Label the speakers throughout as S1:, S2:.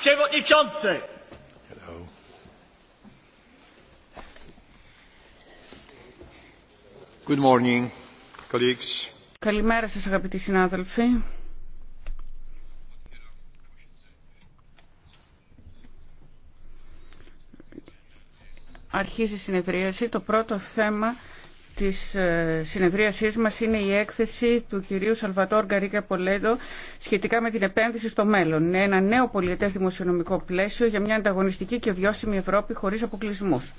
S1: Przewodniczący! Hello.
S2: Good morning, colleagues.
S1: Καλημέρα σας αγαπητοί συνάδελφοι. Αρχίζει η συνεδρίαση. Το πρώτο θέμα της ε, συνεδρίασής μας είναι η έκθεση του κυρίου Σαλβατόρ Γκαρίκα Πολέτο σχετικά με την επένδυση στο μέλλον. Είναι ένα νέο πολιετές δημοσιονομικό πλαίσιο για μια ανταγωνιστική και βιώσιμη Ευρώπη χωρίς αποκλεισμούς.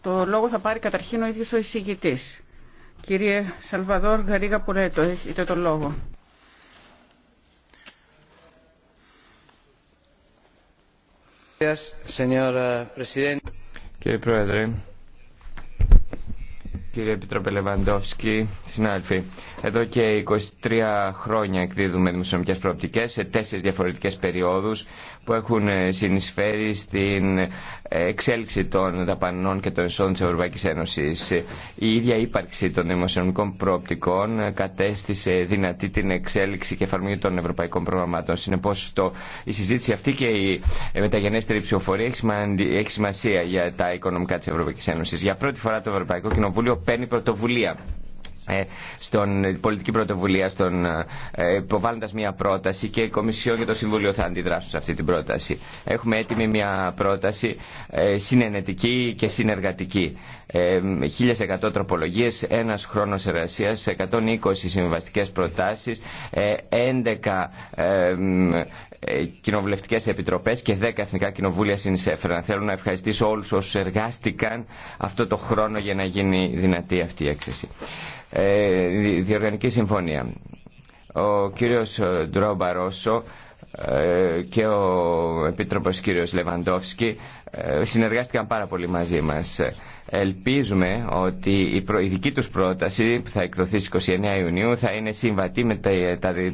S1: Το λόγο θα πάρει καταρχήν ο ίδιος ο εισηγητής. Κύριε Σαλβαδόρ Γκαρίγα Πολέτο, έχετε το
S2: λόγο. Κύριε Πρόεδρε, Κύριε Επιτρόπε Λεβαντόφσκι, συνάδελφοι, εδώ και 23 χρόνια εκδίδουμε δημοσιονομικέ προοπτικέ σε τέσσερι διαφορετικέ περιόδου που έχουν ε, συνεισφέρει στην ε, εξέλιξη των δαπανών και των εσόδων τη Ευρωπαϊκή Ένωση. Η ίδια ύπαρξη των δημοσιονομικών προοπτικών ε, κατέστησε δυνατή την εξέλιξη και εφαρμογή των ευρωπαϊκών προγραμμάτων. Συνεπώ, η συζήτηση αυτή και η μεταγενέστερη ψηφοφορία έχει σημασία για τα οικονομικά τη Ευρωπαϊκή Ένωση. Για πρώτη φορά το Ευρωπαϊκό Κοινοβούλιο παίρνει πρωτοβουλία ε, στον πολιτική πρωτοβουλία στον, ε, υποβάλλοντας μια πρόταση και η Κομισιό και το Συμβούλιο θα αντιδράσουν σε αυτή την πρόταση. Έχουμε έτοιμη μια πρόταση ε, συνενετική και συνεργατική. 1.100 τροπολογίες, ένας χρόνος εργασίας, 120 συμβαστικές προτάσεις, 11 ε, κοινοβουλευτικές επιτροπές και 10 εθνικά κοινοβούλια συνεισέφεραν. Θέλω να ευχαριστήσω όλους όσους εργάστηκαν αυτό το χρόνο για να γίνει δυνατή αυτή η έκθεση. Ε, διοργανική συμφωνία. Ο κύριος ε, Ντρόμπα Μπαρόσο ε, και ο Επίτροπος κύριος Λεβαντόφσκι συνεργάστηκαν πάρα πολύ μαζί μας. Ελπίζουμε ότι η δική τους πρόταση που θα εκδοθεί στις 29 Ιουνίου θα είναι συμβατή με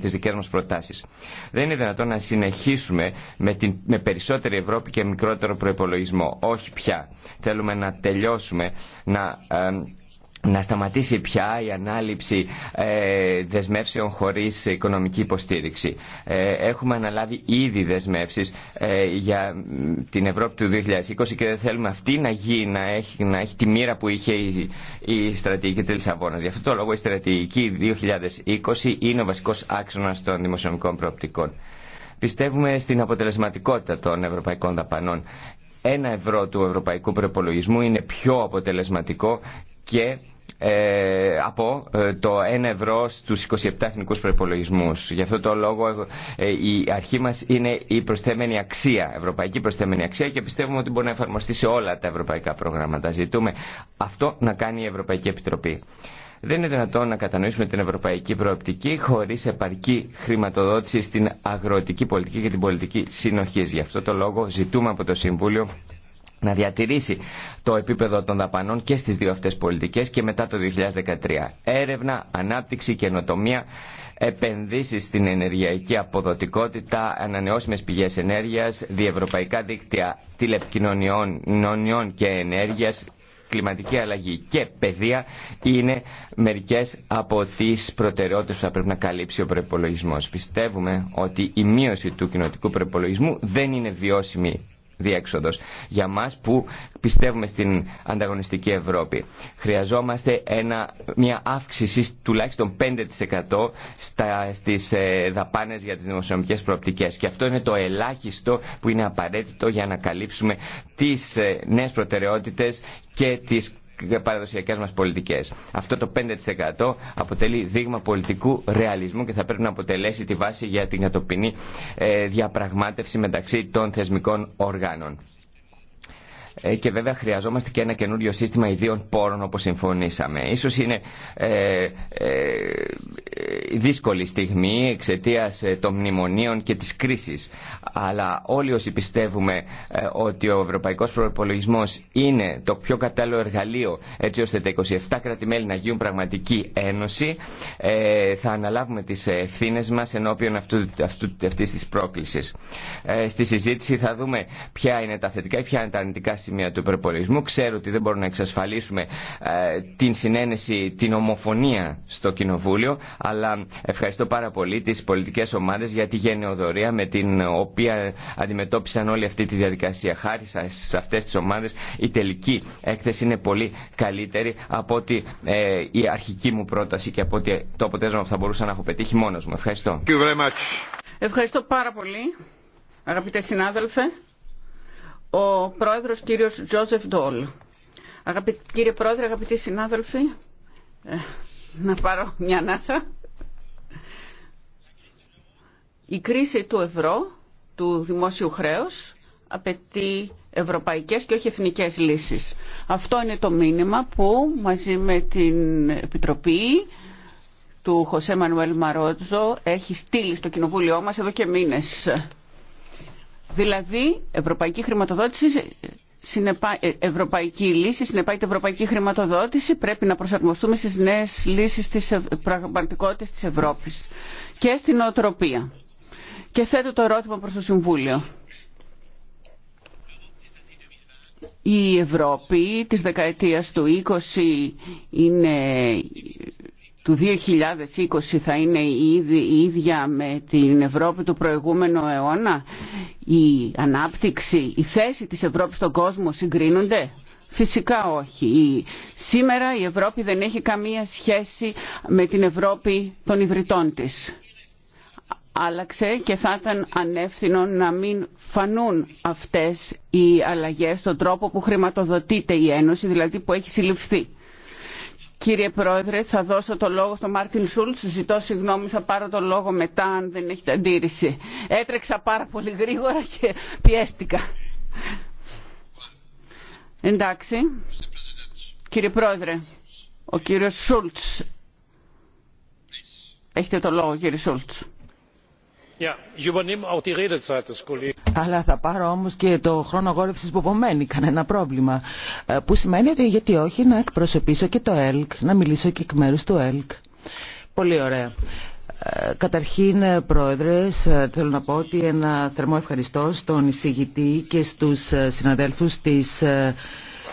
S2: τις δικές μας προτάσεις. Δεν είναι δυνατόν να συνεχίσουμε με, την, με περισσότερη Ευρώπη και μικρότερο προϋπολογισμό. Όχι πια. Θέλουμε να τελειώσουμε, να ε, να σταματήσει πια η ανάληψη ε, δεσμεύσεων χωρίς οικονομική υποστήριξη. Ε, έχουμε αναλάβει ήδη δεσμεύσεις ε, για την Ευρώπη του 2020 και δεν θέλουμε αυτή να, γίνει, να, έχει, να έχει τη μοίρα που είχε η στρατηγική της Λισαβόνας. Γι' αυτό το λόγο η στρατηγική 2020 είναι ο βασικός άξονας των δημοσιονομικών προοπτικών. Πιστεύουμε στην αποτελεσματικότητα των ευρωπαϊκών δαπανών. Ένα ευρώ του ευρωπαϊκού προπολογισμού είναι πιο αποτελεσματικό και ε, από ε, το 1 ευρώ στους 27 εθνικούς προϋπολογισμούς. Γι' αυτό το λόγο ε, η αρχή μας είναι η προσθέμενη αξία, ευρωπαϊκή προσθέμενη αξία και πιστεύουμε ότι μπορεί να εφαρμοστεί σε όλα τα ευρωπαϊκά προγράμματα. Ζητούμε αυτό να κάνει η Ευρωπαϊκή Επιτροπή. Δεν είναι δυνατόν να κατανοήσουμε την ευρωπαϊκή προοπτική χωρί επαρκή χρηματοδότηση στην αγροτική πολιτική και την πολιτική συνοχή. Γι' αυτό το λόγο ζητούμε από το Συμβούλιο να διατηρήσει το επίπεδο των δαπανών και στις δύο αυτές πολιτικές και μετά το 2013. Έρευνα, ανάπτυξη, καινοτομία, επενδύσεις στην ενεργειακή αποδοτικότητα, ανανεώσιμες πηγές ενέργειας, διευρωπαϊκά δίκτυα τηλεπικοινωνιών και ενέργειας, κλιματική αλλαγή και παιδεία είναι μερικές από τις προτεραιότητες που θα πρέπει να καλύψει ο προπολογισμό. Πιστεύουμε ότι η μείωση του κοινοτικού προπολογισμού δεν είναι βιώσιμη διέξοδος για μας που πιστεύουμε στην ανταγωνιστική Ευρώπη. Χρειαζόμαστε ένα, μια αύξηση τουλάχιστον 5% στα, στις ε, δαπάνες για τις δημοσιονομικές προοπτικές και αυτό είναι το ελάχιστο που είναι απαραίτητο για να καλύψουμε τις ε, νέες προτεραιότητες και τις παραδοσιακές μας πολιτικές. Αυτό το 5% αποτελεί δείγμα πολιτικού ρεαλισμού και θα πρέπει να αποτελέσει τη βάση για την κατοπινή ε, διαπραγμάτευση μεταξύ των θεσμικών οργάνων. Ε, και βέβαια χρειαζόμαστε και ένα καινούριο σύστημα ιδίων πόρων όπως συμφωνήσαμε. Ίσως είναι ε, ε, ε δύσκολη στιγμή εξαιτία ε, των μνημονίων και της κρίσης. Αλλά όλοι όσοι πιστεύουμε ότι ο ευρωπαϊκός προπολογισμό είναι το πιο κατάλληλο εργαλείο έτσι ώστε τα 27 κράτη-μέλη να γίνουν πραγματική ένωση ε, θα αναλάβουμε τις ευθύνε μας ενώπιον αυτού, αυτού, αυτής της πρόκλησης. στη συζήτηση θα δούμε ποια είναι τα θετικά και ποια είναι τα αρνητικά σημεία του υπερπολισμού. Ξέρω ότι δεν μπορούμε να εξασφαλίσουμε ε, την συνένεση, την ομοφωνία στο Κοινοβούλιο, αλλά ευχαριστώ πάρα πολύ τι πολιτικέ ομάδε για τη γενναιοδορία με την οποία αντιμετώπισαν όλη αυτή τη διαδικασία. Χάρη σε αυτέ τι ομάδε. η τελική έκθεση είναι πολύ καλύτερη από ότι ε, η αρχική μου πρόταση και από ότι το αποτέλεσμα θα μπορούσα να έχω πετύχει μόνο μου. Ευχαριστώ.
S1: Ευχαριστώ πάρα πολύ αγαπητέ συνάδελφε ο πρόεδρος κύριος Τζόζεφ Ντόλ. Κύριε πρόεδρε, αγαπητοί συνάδελφοι, ε, να πάρω μια ανάσα. Η κρίση του ευρώ, του δημόσιου χρέους, απαιτεί ευρωπαϊκές και όχι εθνικές λύσεις. Αυτό είναι το μήνυμα που μαζί με την Επιτροπή του Χωσέ Μανουέλ Μαρότζο έχει στείλει στο Κοινοβούλιο μας εδώ και μήνες. Δηλαδή, ευρωπαϊκή χρηματοδότηση συνεπά... Ε, ευρωπαϊκή λύση, συνεπάγεται ευρωπαϊκή χρηματοδότηση, πρέπει να προσαρμοστούμε στις νέες λύσεις της πραγματικότητας της Ευρώπης και στην οτροπία. Και θέτω το ερώτημα προς το Συμβούλιο. Η Ευρώπη της δεκαετίας του 20 είναι του 2020 θα είναι η ίδια με την Ευρώπη του προηγούμενου αιώνα. Η ανάπτυξη, η θέση της Ευρώπης στον κόσμο συγκρίνονται. Φυσικά όχι. Σήμερα η Ευρώπη δεν έχει καμία σχέση με την Ευρώπη των ιδρυτών της. Άλλαξε και θα ήταν ανεύθυνο να μην φανούν αυτές οι αλλαγές στον τρόπο που χρηματοδοτείται η Ένωση, δηλαδή που έχει συλληφθεί. Κύριε Πρόεδρε, θα δώσω το λόγο στον Μάρτιν Σούλτ. Ζητώ συγγνώμη, θα πάρω το λόγο μετά, αν δεν έχετε αντίρρηση. Έτρεξα πάρα πολύ γρήγορα και πιέστηκα. Εντάξει. Κύριε Πρόεδρε, ο κύριος Σούλτ. Έχετε το λόγο, κύριε Σούλτ. Αλλά θα πάρω
S3: όμως και το χρόνο γόρευσης που απομένει, κανένα πρόβλημα. Ε, που σημαίνει ότι γιατί όχι να εκπροσωπήσω και το ΕΛΚ, να μιλήσω και εκ μέρους του ΕΛΚ. Πολύ ωραία. Ε, καταρχήν, ε, Πρόεδρε, θέλω να πω ότι ένα θερμό ευχαριστώ στον εισηγητή και στους συναδέλφους της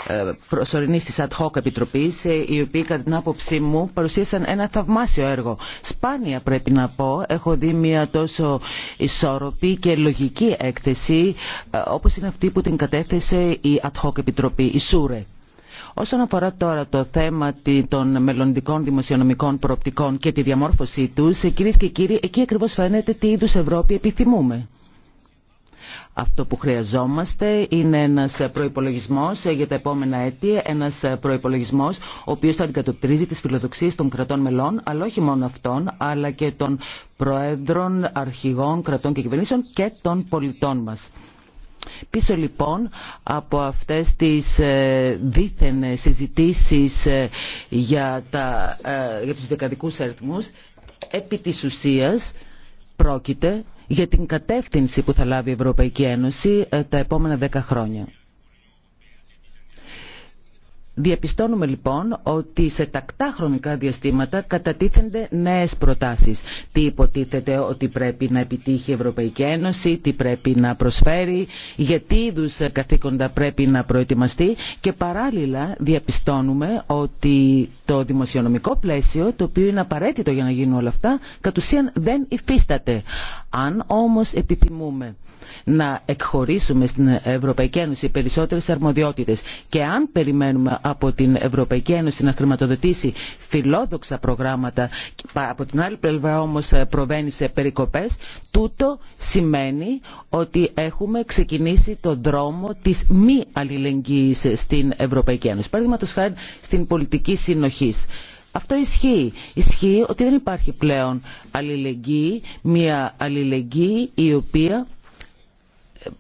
S3: ε, προσωρινής της ad hoc επιτροπής ε, οι οποίοι κατά την άποψή μου παρουσίασαν ένα θαυμάσιο έργο. Σπάνια πρέπει να πω έχω δει μια τόσο ισόρροπη και λογική έκθεση ε, όπως είναι αυτή που την κατέθεσε η ad hoc επιτροπή, η ΣΟΥΡΕ. Όσον αφορά τώρα το θέμα των μελλοντικών δημοσιονομικών προοπτικών και τη διαμόρφωσή του κύριε και κύριοι, εκεί ακριβώ φαίνεται τι είδου Ευρώπη επιθυμούμε. Αυτό που χρειαζόμαστε είναι ένας προϋπολογισμός για τα επόμενα έτη, ένας προϋπολογισμός ο οποίος θα αντικατοπτρίζει τις φιλοδοξίες των κρατών μελών, αλλά όχι μόνο αυτών, αλλά και των προέδρων, αρχηγών, κρατών και κυβερνήσεων και των πολιτών μας. Πίσω λοιπόν από αυτές τις ε, δίθεν συζητήσεις ε, για, τα, ε, για τους δεκαδικούς αριθμούς, επί της ουσίας πρόκειται για την κατεύθυνση που θα λάβει η Ευρωπαϊκή Ένωση ε, τα επόμενα δέκα χρόνια. Διαπιστώνουμε λοιπόν ότι σε τακτά χρονικά διαστήματα κατατίθενται νέες προτάσεις. Τι υποτίθεται ότι πρέπει να επιτύχει η Ευρωπαϊκή Ένωση, τι πρέπει να προσφέρει, γιατί είδου καθήκοντα πρέπει να προετοιμαστεί και παράλληλα διαπιστώνουμε ότι το δημοσιονομικό πλαίσιο, το οποίο είναι απαραίτητο για να γίνουν όλα αυτά, κατ' ουσίαν δεν υφίσταται. Αν όμως επιθυμούμε να εκχωρήσουμε στην Ευρωπαϊκή Ένωση περισσότερες αρμοδιότητες και αν περιμένουμε από την Ευρωπαϊκή Ένωση να χρηματοδοτήσει φιλόδοξα προγράμματα από την άλλη πλευρά όμως προβαίνει σε περικοπές τούτο σημαίνει ότι έχουμε ξεκινήσει το δρόμο της μη αλληλεγγύης στην Ευρωπαϊκή Ένωση. Παραδείγματο χάρη στην πολιτική συνοχή. Αυτό ισχύει. Ισχύει ότι δεν υπάρχει πλέον αλληλεγγύη, μια αλληλεγγύη η οποία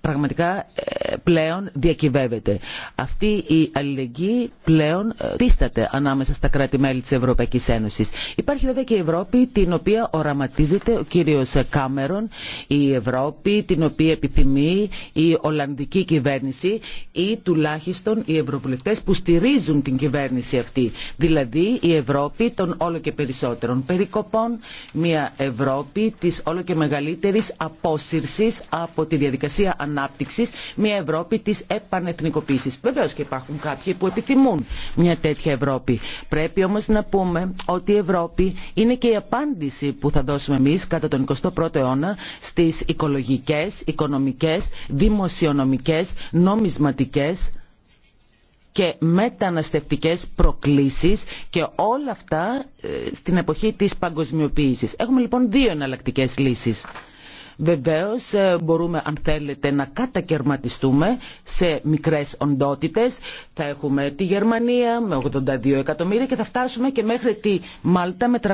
S3: πραγματικά ε, πλέον διακυβεύεται. Αυτή η αλληλεγγύη πλέον πίσταται ε, ανάμεσα στα κράτη-μέλη της Ευρωπαϊκής Ένωσης. Υπάρχει βέβαια και η Ευρώπη την οποία οραματίζεται ο κύριος Κάμερον, η Ευρώπη την οποία επιθυμεί η Ολλανδική κυβέρνηση ή τουλάχιστον οι ευρωβουλευτές που στηρίζουν την κυβέρνηση αυτή. Δηλαδή η Ευρώπη των όλο και περισσότερων περικοπών, μια Ευρώπη της όλο και μεγαλύτερης απόσυρσης από τη διαδικασία ανάπτυξης, ανάπτυξη, μια Ευρώπη τη επανεθνικοποίηση. Βεβαίω και υπάρχουν κάποιοι που επιθυμούν μια τέτοια Ευρώπη. Πρέπει όμω να πούμε ότι η Ευρώπη είναι και η απάντηση που θα δώσουμε εμεί κατά τον 21ο αιώνα στι οικολογικέ, οικονομικέ, δημοσιονομικέ, νομισματικέ και μεταναστευτικές προκλήσεις και όλα αυτά ε, στην εποχή της παγκοσμιοποίησης. Έχουμε λοιπόν δύο εναλλακτικές λύσεις. Βεβαίως ε, μπορούμε αν θέλετε να κατακαιρματιστούμε σε μικρές οντότητες. Θα έχουμε τη Γερμανία με 82 εκατομμύρια και θα φτάσουμε και μέχρι τη Μάλτα με 360.000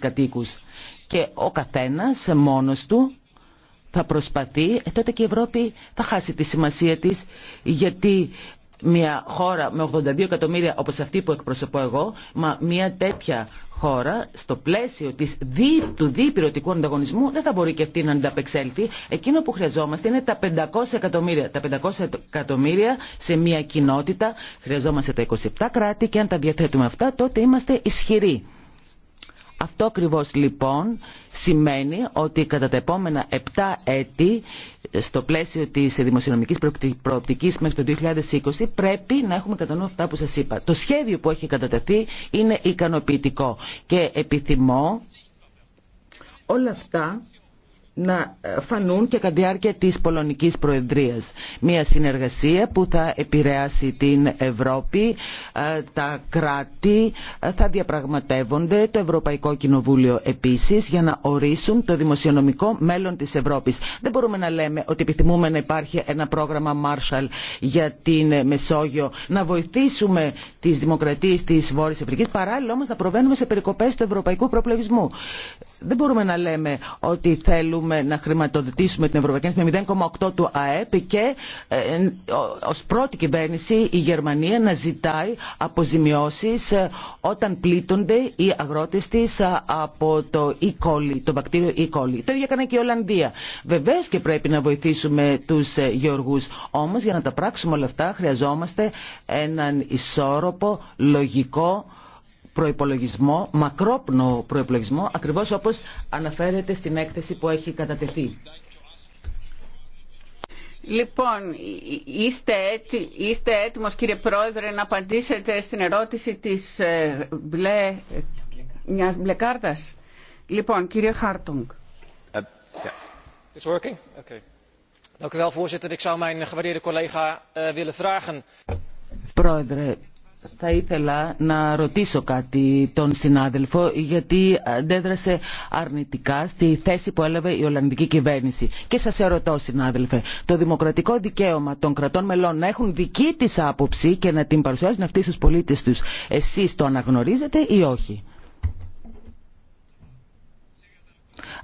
S3: κατοίκους. Και ο καθένας ε, μόνος του θα προσπαθεί, ε, τότε και η Ευρώπη θα χάσει τη σημασία της γιατί μια χώρα με 82 εκατομμύρια όπως αυτή που εκπροσωπώ εγώ, μα μια τέτοια χώρα στο πλαίσιο της, του διπυρωτικού ανταγωνισμού δεν θα μπορεί και αυτή να ανταπεξέλθει. Εκείνο που χρειαζόμαστε είναι τα 500 εκατομμύρια. Τα 500 εκατομμύρια σε μια κοινότητα. Χρειαζόμαστε τα 27 κράτη και αν τα διαθέτουμε αυτά τότε είμαστε ισχυροί. Αυτό ακριβώς λοιπόν σημαίνει ότι κατά τα επόμενα 7 έτη στο πλαίσιο της δημοσιονομικής προοπτικής μέχρι το 2020 πρέπει να έχουμε κατά νου αυτά που σας είπα. Το σχέδιο που έχει κατατεθεί είναι ικανοποιητικό και επιθυμώ όλα αυτά να φανούν και κατά διάρκεια της Πολωνικής Προεδρίας. Μια συνεργασία που θα επηρεάσει την Ευρώπη, ε, τα κράτη ε, θα διαπραγματεύονται, το Ευρωπαϊκό Κοινοβούλιο επίσης για να ορίσουν το δημοσιονομικό μέλλον της Ευρώπης. Δεν μπορούμε να λέμε ότι επιθυμούμε να υπάρχει ένα πρόγραμμα Marshall για την Μεσόγειο, να βοηθήσουμε τις δημοκρατίες της Βόρειας Αφρικής, παράλληλα όμως να προβαίνουμε σε περικοπές του ευρωπαϊκού προπλογισμού. Δεν μπορούμε να λέμε ότι θέλουμε μπορούμε να χρηματοδοτήσουμε την Ευρωπαϊκή Ένωση με 0,8 του ΑΕΠ και ε, ως πρώτη κυβέρνηση η Γερμανία να ζητάει αποζημιώσεις ε, όταν πλήττονται οι αγρότες της ε, από το E. το βακτήριο E. Το ίδιο έκανε και η Ολλανδία. Βεβαίως και πρέπει να βοηθήσουμε τους γεωργούς. Όμως για να τα πράξουμε όλα αυτά χρειαζόμαστε έναν ισόρροπο, λογικό, προϋπολογισμό, μακρόπνο προϋπολογισμό, ακριβώς όπως αναφέρεται στην έκθεση που έχει κατατεθεί.
S1: Λοιπόν, είστε, έτοι, είστε έτοιμος κύριε Πρόεδρε να απαντήσετε στην ερώτηση της ε, μπλε, μιας μπλε κάρτας. Λοιπόν, κύριε Χάρτονγκ.
S2: Uh, working? Okay. Dank u wel, voorzitter. Ik
S3: zou mijn gewaardeerde collega eh, willen vragen.
S1: Πρόεδρε, θα
S3: ήθελα να ρωτήσω κάτι τον συνάδελφο γιατί αντέδρασε αρνητικά στη θέση που έλαβε η Ολλανδική κυβέρνηση. Και σας ερωτώ συνάδελφε, το δημοκρατικό δικαίωμα των κρατών μελών να έχουν δική της άποψη και να την παρουσιάζουν αυτοί στους πολίτες τους, εσείς το αναγνωρίζετε ή όχι.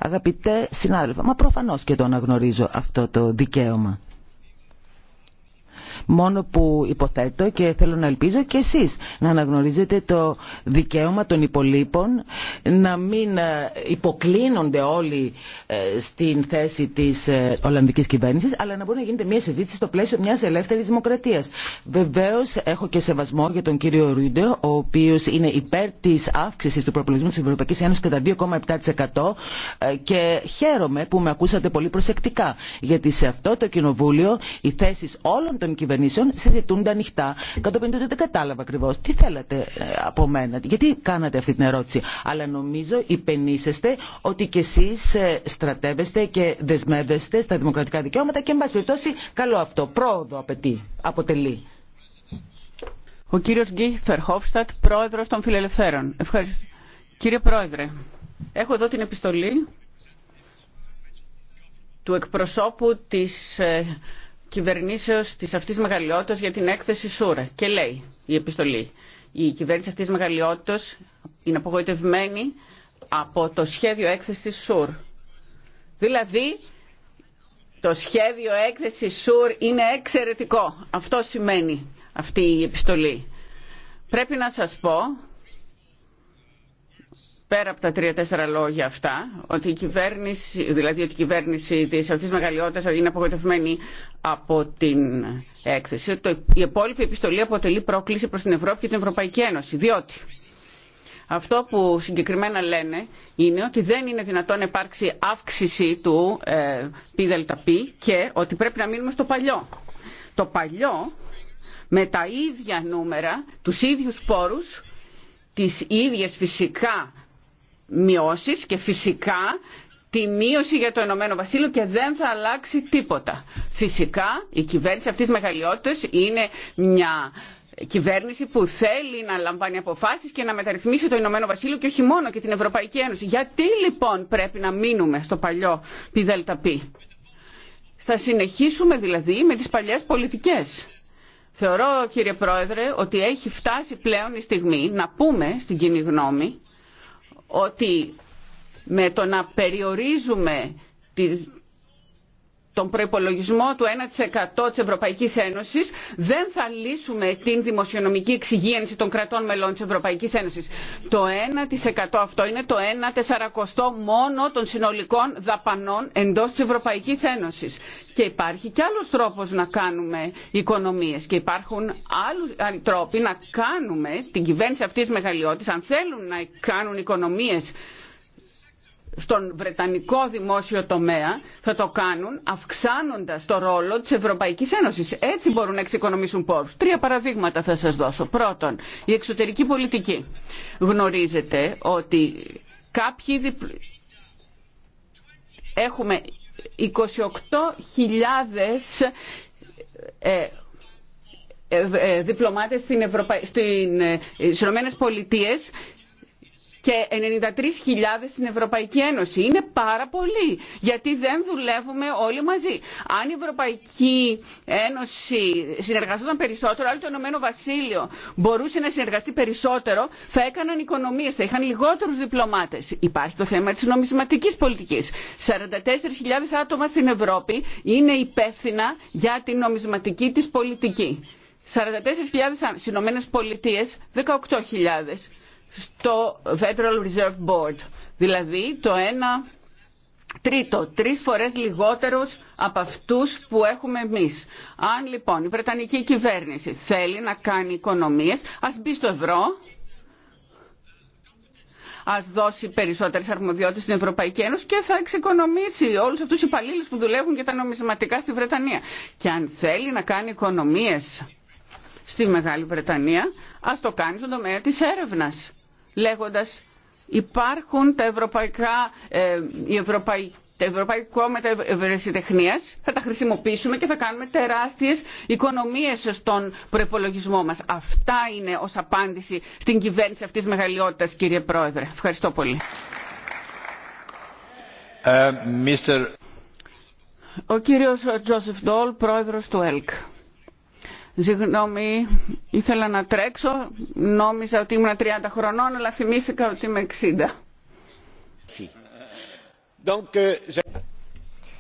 S3: Αγαπητέ συνάδελφα, μα προφανώς και το αναγνωρίζω αυτό το δικαίωμα. Μόνο που υποθέτω και θέλω να ελπίζω και εσείς να αναγνωρίζετε το δικαίωμα των υπολείπων να μην ε, υποκλίνονται όλοι ε, στην θέση της ε, Ολλανδικής κυβέρνησης αλλά να μπορεί να γίνεται μια συζήτηση στο πλαίσιο μιας ελεύθερης δημοκρατίας. Βεβαίως έχω και σεβασμό για τον κύριο Ρούντε ο οποίος είναι υπέρ της αύξησης του προπολογισμού της Ευρωπαϊκής Ένωσης κατά 2,7% και χαίρομαι που με ακούσατε πολύ προσεκτικά γιατί σε αυτό το κοινοβούλιο οι θέσεις όλων των κυβερνήσεων κυβερνήσεων τα ανοιχτά. Κατόπιν τούτο δεν κατάλαβα ακριβώ τι θέλατε ε, από μένα, γιατί κάνατε αυτή την ερώτηση. Αλλά νομίζω υπενήσεστε ότι κι εσεί ε, στρατεύεστε και δεσμεύεστε στα δημοκρατικά δικαιώματα και, εν πάση περιπτώσει,
S1: καλό αυτό. Πρόοδο απαιτεί, αποτελεί. Ο κύριος Γκί Φερχόφστατ, πρόεδρος των Φιλελευθέρων. Ευχαριστώ. Κύριε Πρόεδρε, έχω εδώ την επιστολή του εκπροσώπου της ε, κυβερνήσεως της αυτής μεγαλειότητας για την έκθεση Σούρα και λέει η επιστολή η κυβέρνηση αυτής μεγαλειότητας είναι απογοητευμένη από το σχέδιο έκθεσης ΣΟΥΡ. Δηλαδή, το σχέδιο έκθεσης ΣΟΥΡ είναι εξαιρετικό. Αυτό σημαίνει αυτή η επιστολή. Πρέπει να σας πω πέρα από τα τρία-τέσσερα λόγια αυτά, ότι η κυβέρνηση, δηλαδή ότι η κυβέρνηση της αυτής μεγαλειότητας είναι απογοητευμένη από την έκθεση. ότι η υπόλοιπη επιστολή αποτελεί πρόκληση προ την Ευρώπη και την Ευρωπαϊκή Ένωση, διότι... Αυτό που συγκεκριμένα λένε είναι ότι δεν είναι δυνατόν να υπάρξει αύξηση του ε, πι και ότι πρέπει να μείνουμε στο παλιό. Το παλιό με τα ίδια νούμερα, τους ίδιους πόρους, τις ίδιες φυσικά μειώσεις και φυσικά τη μείωση για το Ηνωμένο Βασίλειο και δεν θα αλλάξει τίποτα. Φυσικά η κυβέρνηση αυτής της μεγαλειότητας είναι μια κυβέρνηση που θέλει να λαμβάνει αποφάσεις και να μεταρρυθμίσει το Ηνωμένο Βασίλειο και όχι μόνο και την Ευρωπαϊκή Ένωση. Γιατί λοιπόν πρέπει να μείνουμε στο παλιό πι. Θα συνεχίσουμε δηλαδή με τις παλιές πολιτικές. Θεωρώ κύριε Πρόεδρε ότι έχει φτάσει πλέον η στιγμή να πούμε στην κοινή γνώμη ότι με το να περιορίζουμε τον προπολογισμό του 1% της Ευρωπαϊκής Ένωσης δεν θα λύσουμε την δημοσιονομική εξυγίανση των κρατών μελών της Ευρωπαϊκής Ένωσης. Το 1% αυτό είναι το 1,4 μόνο των συνολικών δαπανών εντός της Ευρωπαϊκής Ένωσης. Και υπάρχει κι άλλος τρόπος να κάνουμε οικονομίες και υπάρχουν άλλοι τρόποι να κάνουμε την κυβέρνηση αυτής τη αν θέλουν να κάνουν οικονομίες στον Βρετανικό δημόσιο τομέα θα το κάνουν αυξάνοντας το ρόλο της Ευρωπαϊκής Ένωσης. Έτσι μπορούν να εξοικονομήσουν πόρους. Τρία παραδείγματα θα σα δώσω. Πρώτον, η εξωτερική πολιτική. Γνωρίζετε ότι κάποιοι έχουμε 28.000 ε, ε, ε, διπλωμάτες στην Ευρωπα... στην... Ε, στις Ηνωμένες Πολιτείες και 93.000 στην Ευρωπαϊκή Ένωση. Είναι πάρα πολύ, γιατί δεν δουλεύουμε όλοι μαζί. Αν η Ευρωπαϊκή Ένωση συνεργαζόταν περισσότερο, άλλο το Ηνωμένο Βασίλειο μπορούσε να συνεργαστεί περισσότερο, θα έκαναν οικονομίε, θα είχαν λιγότερου διπλωμάτε. Υπάρχει το θέμα τη νομισματική πολιτική. 44.000 άτομα στην Ευρώπη είναι υπεύθυνα για την νομισματική τη πολιτική. 44.000 στι Ηνωμένε Πολιτείε 18.000 στο Federal Reserve Board. Δηλαδή το ένα τρίτο, τρεις φορές λιγότερους από αυτούς που έχουμε εμείς. Αν λοιπόν η Βρετανική κυβέρνηση θέλει να κάνει οικονομίες, ας μπει στο ευρώ, ας δώσει περισσότερες αρμοδιότητες στην Ευρωπαϊκή Ένωση και θα εξοικονομήσει όλους αυτούς οι υπαλλήλου που δουλεύουν για τα νομισματικά στη Βρετανία. Και αν θέλει να κάνει οικονομίες στη Μεγάλη Βρετανία, ας το κάνει στον τομέα της έρευνας λέγοντας υπάρχουν τα ευρωπαϊκά, ε, η τα θα τα χρησιμοποιήσουμε και θα κάνουμε τεράστιες οικονομίες στον προπολογισμό μας». Αυτά είναι ως απάντηση στην κυβέρνηση αυτής της μεγαλειότητας, κύριε Πρόεδρε. Ευχαριστώ πολύ. Ε, Ο κύριος Τζόσεφ Ντόλ, πρόεδρος του ΕΛΚ. Συγγνώμη, ήθελα να τρέξω. Νόμιζα ότι ήμουν 30 χρονών, αλλά θυμήθηκα ότι είμαι 60.
S2: Euh,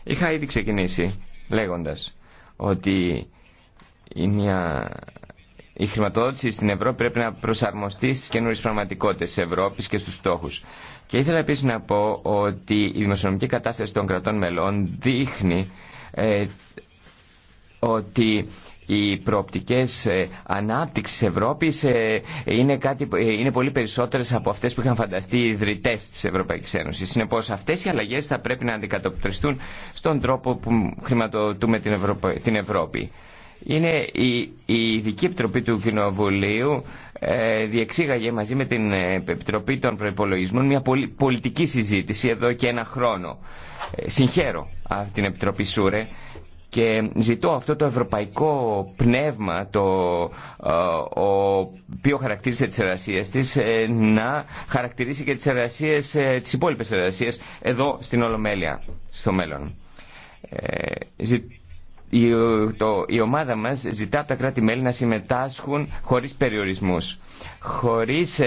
S2: Είχα ήδη ξεκινήσει λέγοντας ότι η, μια... η χρηματοδότηση στην Ευρώπη πρέπει να προσαρμοστεί στις καινούριες πραγματικότητες της Ευρώπης και στους στόχους. Και ήθελα επίσης να πω ότι η δημοσιονομική κατάσταση των κρατών μελών δείχνει ε, ότι οι προοπτικές ε, ανάπτυξης Ευρώπης ε, είναι, κάτι, ε, είναι πολύ περισσότερες από αυτές που είχαν φανταστεί οι ιδρυτές της Ευρωπαϊκής Ένωσης. Συνεπώς αυτές οι αλλαγές θα πρέπει να αντικατοπτριστούν στον τρόπο που χρηματοδοτούμε την, την Ευρώπη. Είναι η, η Ειδική Επιτροπή του Κοινοβουλίου διεξήγαγε μαζί με την Επιτροπή των Προπολογισμών μια πολιτική συζήτηση εδώ και ένα χρόνο. Ε, συγχαίρω την Επιτροπή Σούρε και ζητώ αυτό το ευρωπαϊκό πνεύμα, το ε, οποίο χαρακτήρισε τις εργασίες της, ε, να χαρακτηρίσει και τις εργασίες, ε, τις υπόλοιπες εργασίες, εδώ στην Ολομέλεια, στο μέλλον. Η, το, η ομάδα μας ζητά από τα κράτη-μέλη να συμμετάσχουν χωρίς περιορισμούς, χωρίς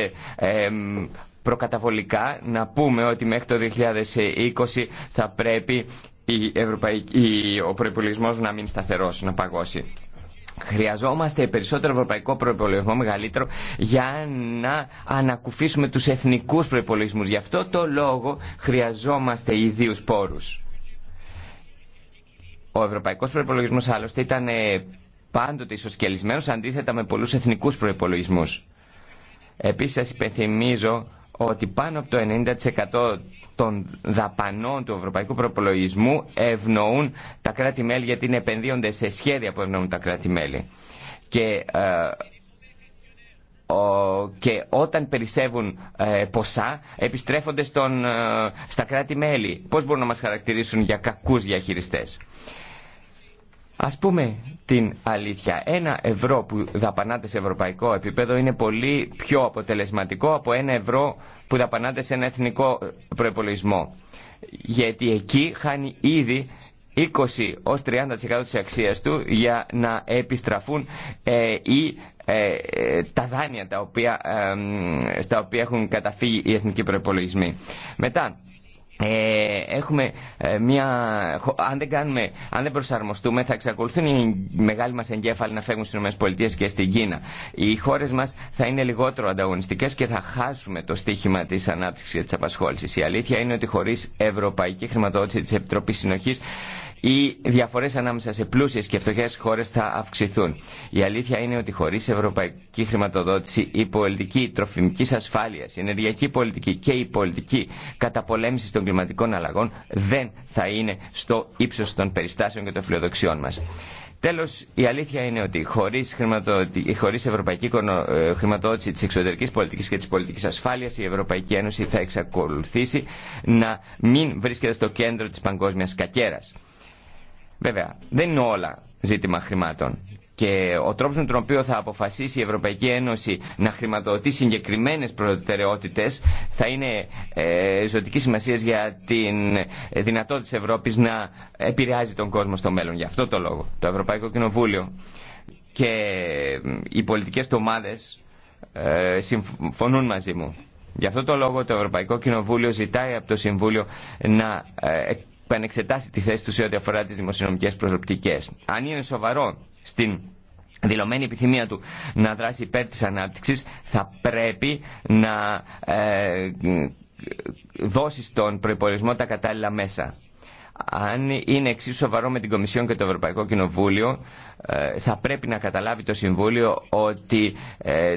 S2: προκαταβολικά να πούμε ότι μέχρι το 2020 θα πρέπει η Ευρωπαϊκή, ο προπολογισμό να μην σταθερό, να παγώσει. Χρειαζόμαστε περισσότερο ευρωπαϊκό προπολογισμό, μεγαλύτερο, για να ανακουφίσουμε τους εθνικούς προπολογισμού. Γι' αυτό το λόγο χρειαζόμαστε ιδίου πόρους. Ο Ευρωπαϊκό προπολογισμό άλλωστε ήταν ε, πάντοτε ισοσκελισμένο αντίθετα με πολλού εθνικού προπολογισμού. Επίση σα υπενθυμίζω ότι πάνω από το 90% των δαπανών του ευρωπαϊκού προπολογισμού ευνοούν τα κράτη-μέλη γιατί είναι επενδύονται σε σχέδια που ευνοούν τα κράτη-μέλη. Και, ε, όταν περισσεύουν ε, ποσά επιστρέφονται στον, ε, στα κράτη-μέλη. Πώς μπορούν να μας χαρακτηρίσουν για κακούς διαχειριστές. Ας πούμε την αλήθεια. Ένα ευρώ που δαπανάτε σε ευρωπαϊκό επίπεδο είναι πολύ πιο αποτελεσματικό από ένα ευρώ που δαπανάτε σε ένα εθνικό ε, προπολογισμό. Γιατί εκεί χάνει ήδη 20 ως 30% της αξίας του για να επιστραφούν ή ε, ε, τα δάνεια τα οποία, στα οποία έχουν καταφύγει οι εθνικοί προπολογισμοί. Μετά, ε, έχουμε ε, μια... αν, δεν κάνουμε, αν δεν προσαρμοστούμε θα εξακολουθούν οι μεγάλοι μας εγκέφαλοι να φεύγουν στις ΗΠΑ και στην Κίνα. Οι χώρες μας θα είναι λιγότερο ανταγωνιστικές και θα χάσουμε το στίχημα της ανάπτυξης και της απασχόλησης. Η αλήθεια είναι ότι χωρίς ευρωπαϊκή χρηματοδότηση της Επιτροπής Συνοχής οι διαφορέ ανάμεσα σε πλούσιες και φτωχέ χώρε θα αυξηθούν. Η αλήθεια είναι ότι χωρί ευρωπαϊκή χρηματοδότηση η πολιτική τροφιμικής ασφάλεια, η ενεργειακή πολιτική και η πολιτική καταπολέμηση των κλιματικών αλλαγών δεν θα είναι στο ύψο των περιστάσεων και των φιλοδοξιών μα. Τέλο, η αλήθεια είναι ότι χωρί χωρίς ευρωπαϊκή ε, χρηματοδότηση τη εξωτερική πολιτική και τη πολιτική ασφάλεια, η Ευρωπαϊκή Ένωση θα εξακολουθήσει να μην βρίσκεται στο κέντρο τη παγκόσμια κακέρα. Βέβαια, δεν είναι όλα ζήτημα χρημάτων. Και ο τρόπος με τον οποίο θα αποφασίσει η Ευρωπαϊκή Ένωση να χρηματοδοτεί συγκεκριμένες προτεραιότητες θα είναι ε, ζωτική σημασία για την δυνατότητα της Ευρώπης να επηρεάζει τον κόσμο στο μέλλον. Γι' αυτό το λόγο το Ευρωπαϊκό Κοινοβούλιο και ε, οι πολιτικές ομάδες ε, συμφωνούν μαζί μου. Γι' αυτό το λόγο το Ευρωπαϊκό Κοινοβούλιο ζητάει από το Συμβούλιο να ε, ανεξετάσει τη θέση του σε ό,τι αφορά τι δημοσιονομικέ προσωπικέ. Αν είναι σοβαρό στην δηλωμένη επιθυμία του να δράσει υπέρ της ανάπτυξης θα πρέπει να ε, δώσει στον προϋπολογισμό τα κατάλληλα μέσα. Αν είναι εξίσου σοβαρό με την Κομισιόν και το Ευρωπαϊκό Κοινοβούλιο, ε, θα πρέπει να καταλάβει το Συμβούλιο ότι ε,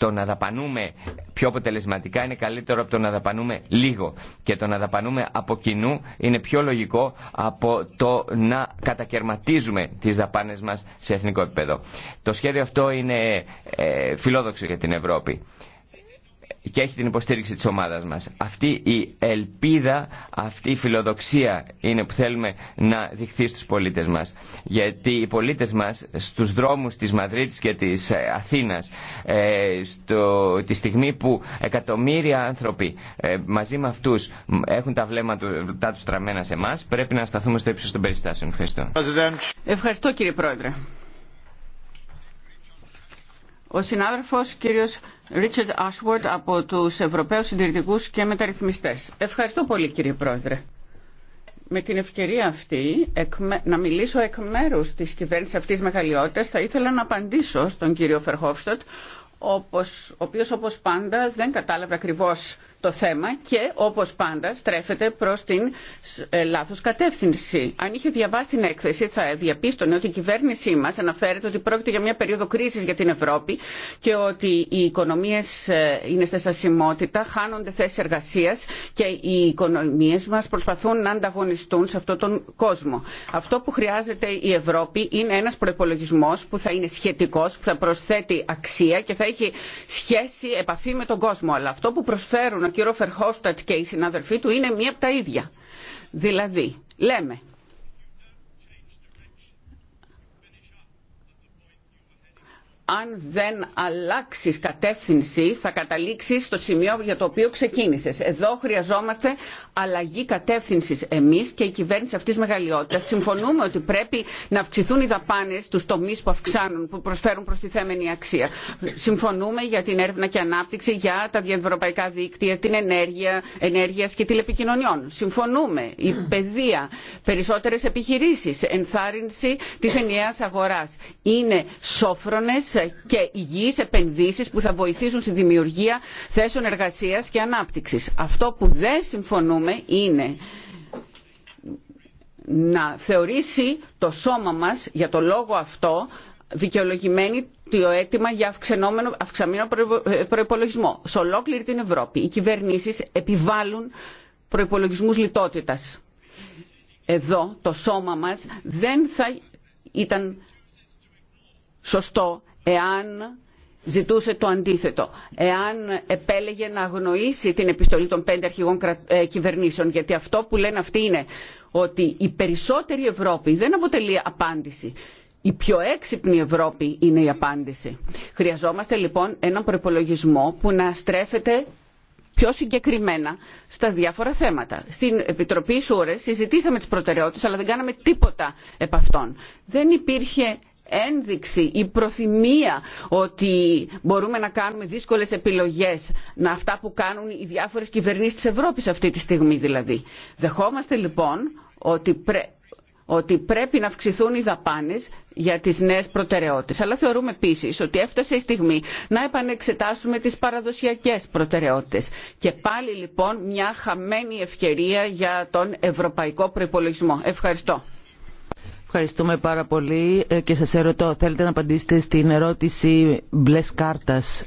S2: το να δαπανούμε πιο αποτελεσματικά είναι καλύτερο από το να δαπανούμε λίγο. Και το να δαπανούμε από κοινού είναι πιο λογικό από το να κατακαιρματίζουμε τις δαπάνες μας σε εθνικό επίπεδο. Το σχέδιο αυτό είναι ε, φιλόδοξο για την Ευρώπη και έχει την υποστήριξη της ομάδας μας. Αυτή η ελπίδα, αυτή η φιλοδοξία είναι που θέλουμε να δειχθεί στους πολίτες μας. Γιατί οι πολίτες μας στους δρόμους της Μαδρίτης και της ε, Αθήνας, ε, στο, τη στιγμή που εκατομμύρια άνθρωποι ε, μαζί με αυτούς έχουν τα βλέμματα τους τραμμένα σε εμά, πρέπει να σταθούμε στο ύψος των περιστάσεων. Ευχαριστώ.
S1: Ευχαριστώ κύριε Πρόεδρε. Ο συνάδελφος κύριος Ρίτσαρντ Ashworth από τους Ευρωπαίους Συντηρητικούς και Μεταρρυθμιστές. Ευχαριστώ πολύ κύριε Πρόεδρε. Με την ευκαιρία αυτή να μιλήσω εκ μέρους της κυβέρνησης αυτής της μεγαλειότητας θα ήθελα να απαντήσω στον κύριο Φερχόφστατ, ο οποίος όπως πάντα δεν κατάλαβε ακριβώς το θέμα και όπως πάντα στρέφεται προς την ε, λάθος κατεύθυνση. Αν είχε διαβάσει την έκθεση θα διαπίστωνε ότι η κυβέρνησή μας αναφέρεται ότι πρόκειται για μια περίοδο κρίσης για την Ευρώπη και ότι οι οικονομίες ε, είναι στα στασιμότητα, χάνονται θέσεις εργασίας και οι οικονομίες μας προσπαθούν να ανταγωνιστούν σε αυτόν τον κόσμο. Αυτό που χρειάζεται η Ευρώπη είναι ένας προπολογισμό που θα είναι σχετικός, που θα προσθέτει αξία και θα έχει σχέση, επαφή με τον κόσμο. Αλλά αυτό που προσφέρουν κύριο Φερχόφτατ και η συναδελφοί του είναι μία από τα ίδια. Δηλαδή, λέμε αν δεν αλλάξεις κατεύθυνση θα καταλήξεις στο σημείο για το οποίο ξεκίνησες. Εδώ χρειαζόμαστε αλλαγή κατεύθυνσης εμείς και η κυβέρνηση αυτής μεγαλειότητας. Συμφωνούμε ότι πρέπει να αυξηθούν οι δαπάνες του τομείς που αυξάνουν, που προσφέρουν προστιθέμενη αξία. Συμφωνούμε για την έρευνα και ανάπτυξη, για τα διευρωπαϊκά δίκτυα, την ενέργεια, ενέργειας και τηλεπικοινωνιών. Συμφωνούμε. Η παιδεία, περισσότερες επιχειρήσεις, ενθάρρυνση της ενιαίας αγοράς. Είναι σόφρονες και υγιείς επενδύσεις που θα βοηθήσουν στη δημιουργία θέσεων εργασίας και ανάπτυξης. Αυτό που δεν συμφωνούμε είναι να θεωρήσει το σώμα μας για το λόγο αυτό δικαιολογημένη το αίτημα για αυξανόμενο, αυξαμένο προπολογισμό. Ε, Σε ολόκληρη την Ευρώπη οι κυβερνήσεις επιβάλλουν προπολογισμού λιτότητας. Εδώ το σώμα μας δεν θα ήταν σωστό εάν ζητούσε το αντίθετο εάν επέλεγε να αγνοήσει την επιστολή των πέντε αρχηγών ε, κυβερνήσεων γιατί αυτό που λένε αυτοί είναι ότι η περισσότερη Ευρώπη δεν αποτελεί απάντηση. Η πιο έξυπνη Ευρώπη είναι η απάντηση. Χρειαζόμαστε λοιπόν έναν προπολογισμό που να στρέφεται πιο συγκεκριμένα στα διάφορα θέματα. Στην Επιτροπή Σούρε συζητήσαμε τις προτεραιότητες αλλά δεν κάναμε τίποτα επ' αυτών. Δεν υπήρχε ένδειξη, η προθυμία ότι μπορούμε να κάνουμε δύσκολες επιλογές, να αυτά που κάνουν οι διάφορες κυβερνήσεις της Ευρώπης αυτή τη στιγμή δηλαδή. Δεχόμαστε λοιπόν ότι πρέπει ότι πρέπει να αυξηθούν οι δαπάνες για τις νέες προτεραιότητες. Αλλά θεωρούμε επίση ότι έφτασε η στιγμή να επανεξετάσουμε τις παραδοσιακές προτεραιότητες. Και πάλι λοιπόν μια χαμένη ευκαιρία για τον ευρωπαϊκό προϋπολογισμό. Ευχαριστώ.
S3: Ευχαριστούμε πάρα πολύ ε, και σας ερωτώ, θέλετε να απαντήσετε στην ερώτηση μπλε κάρτας.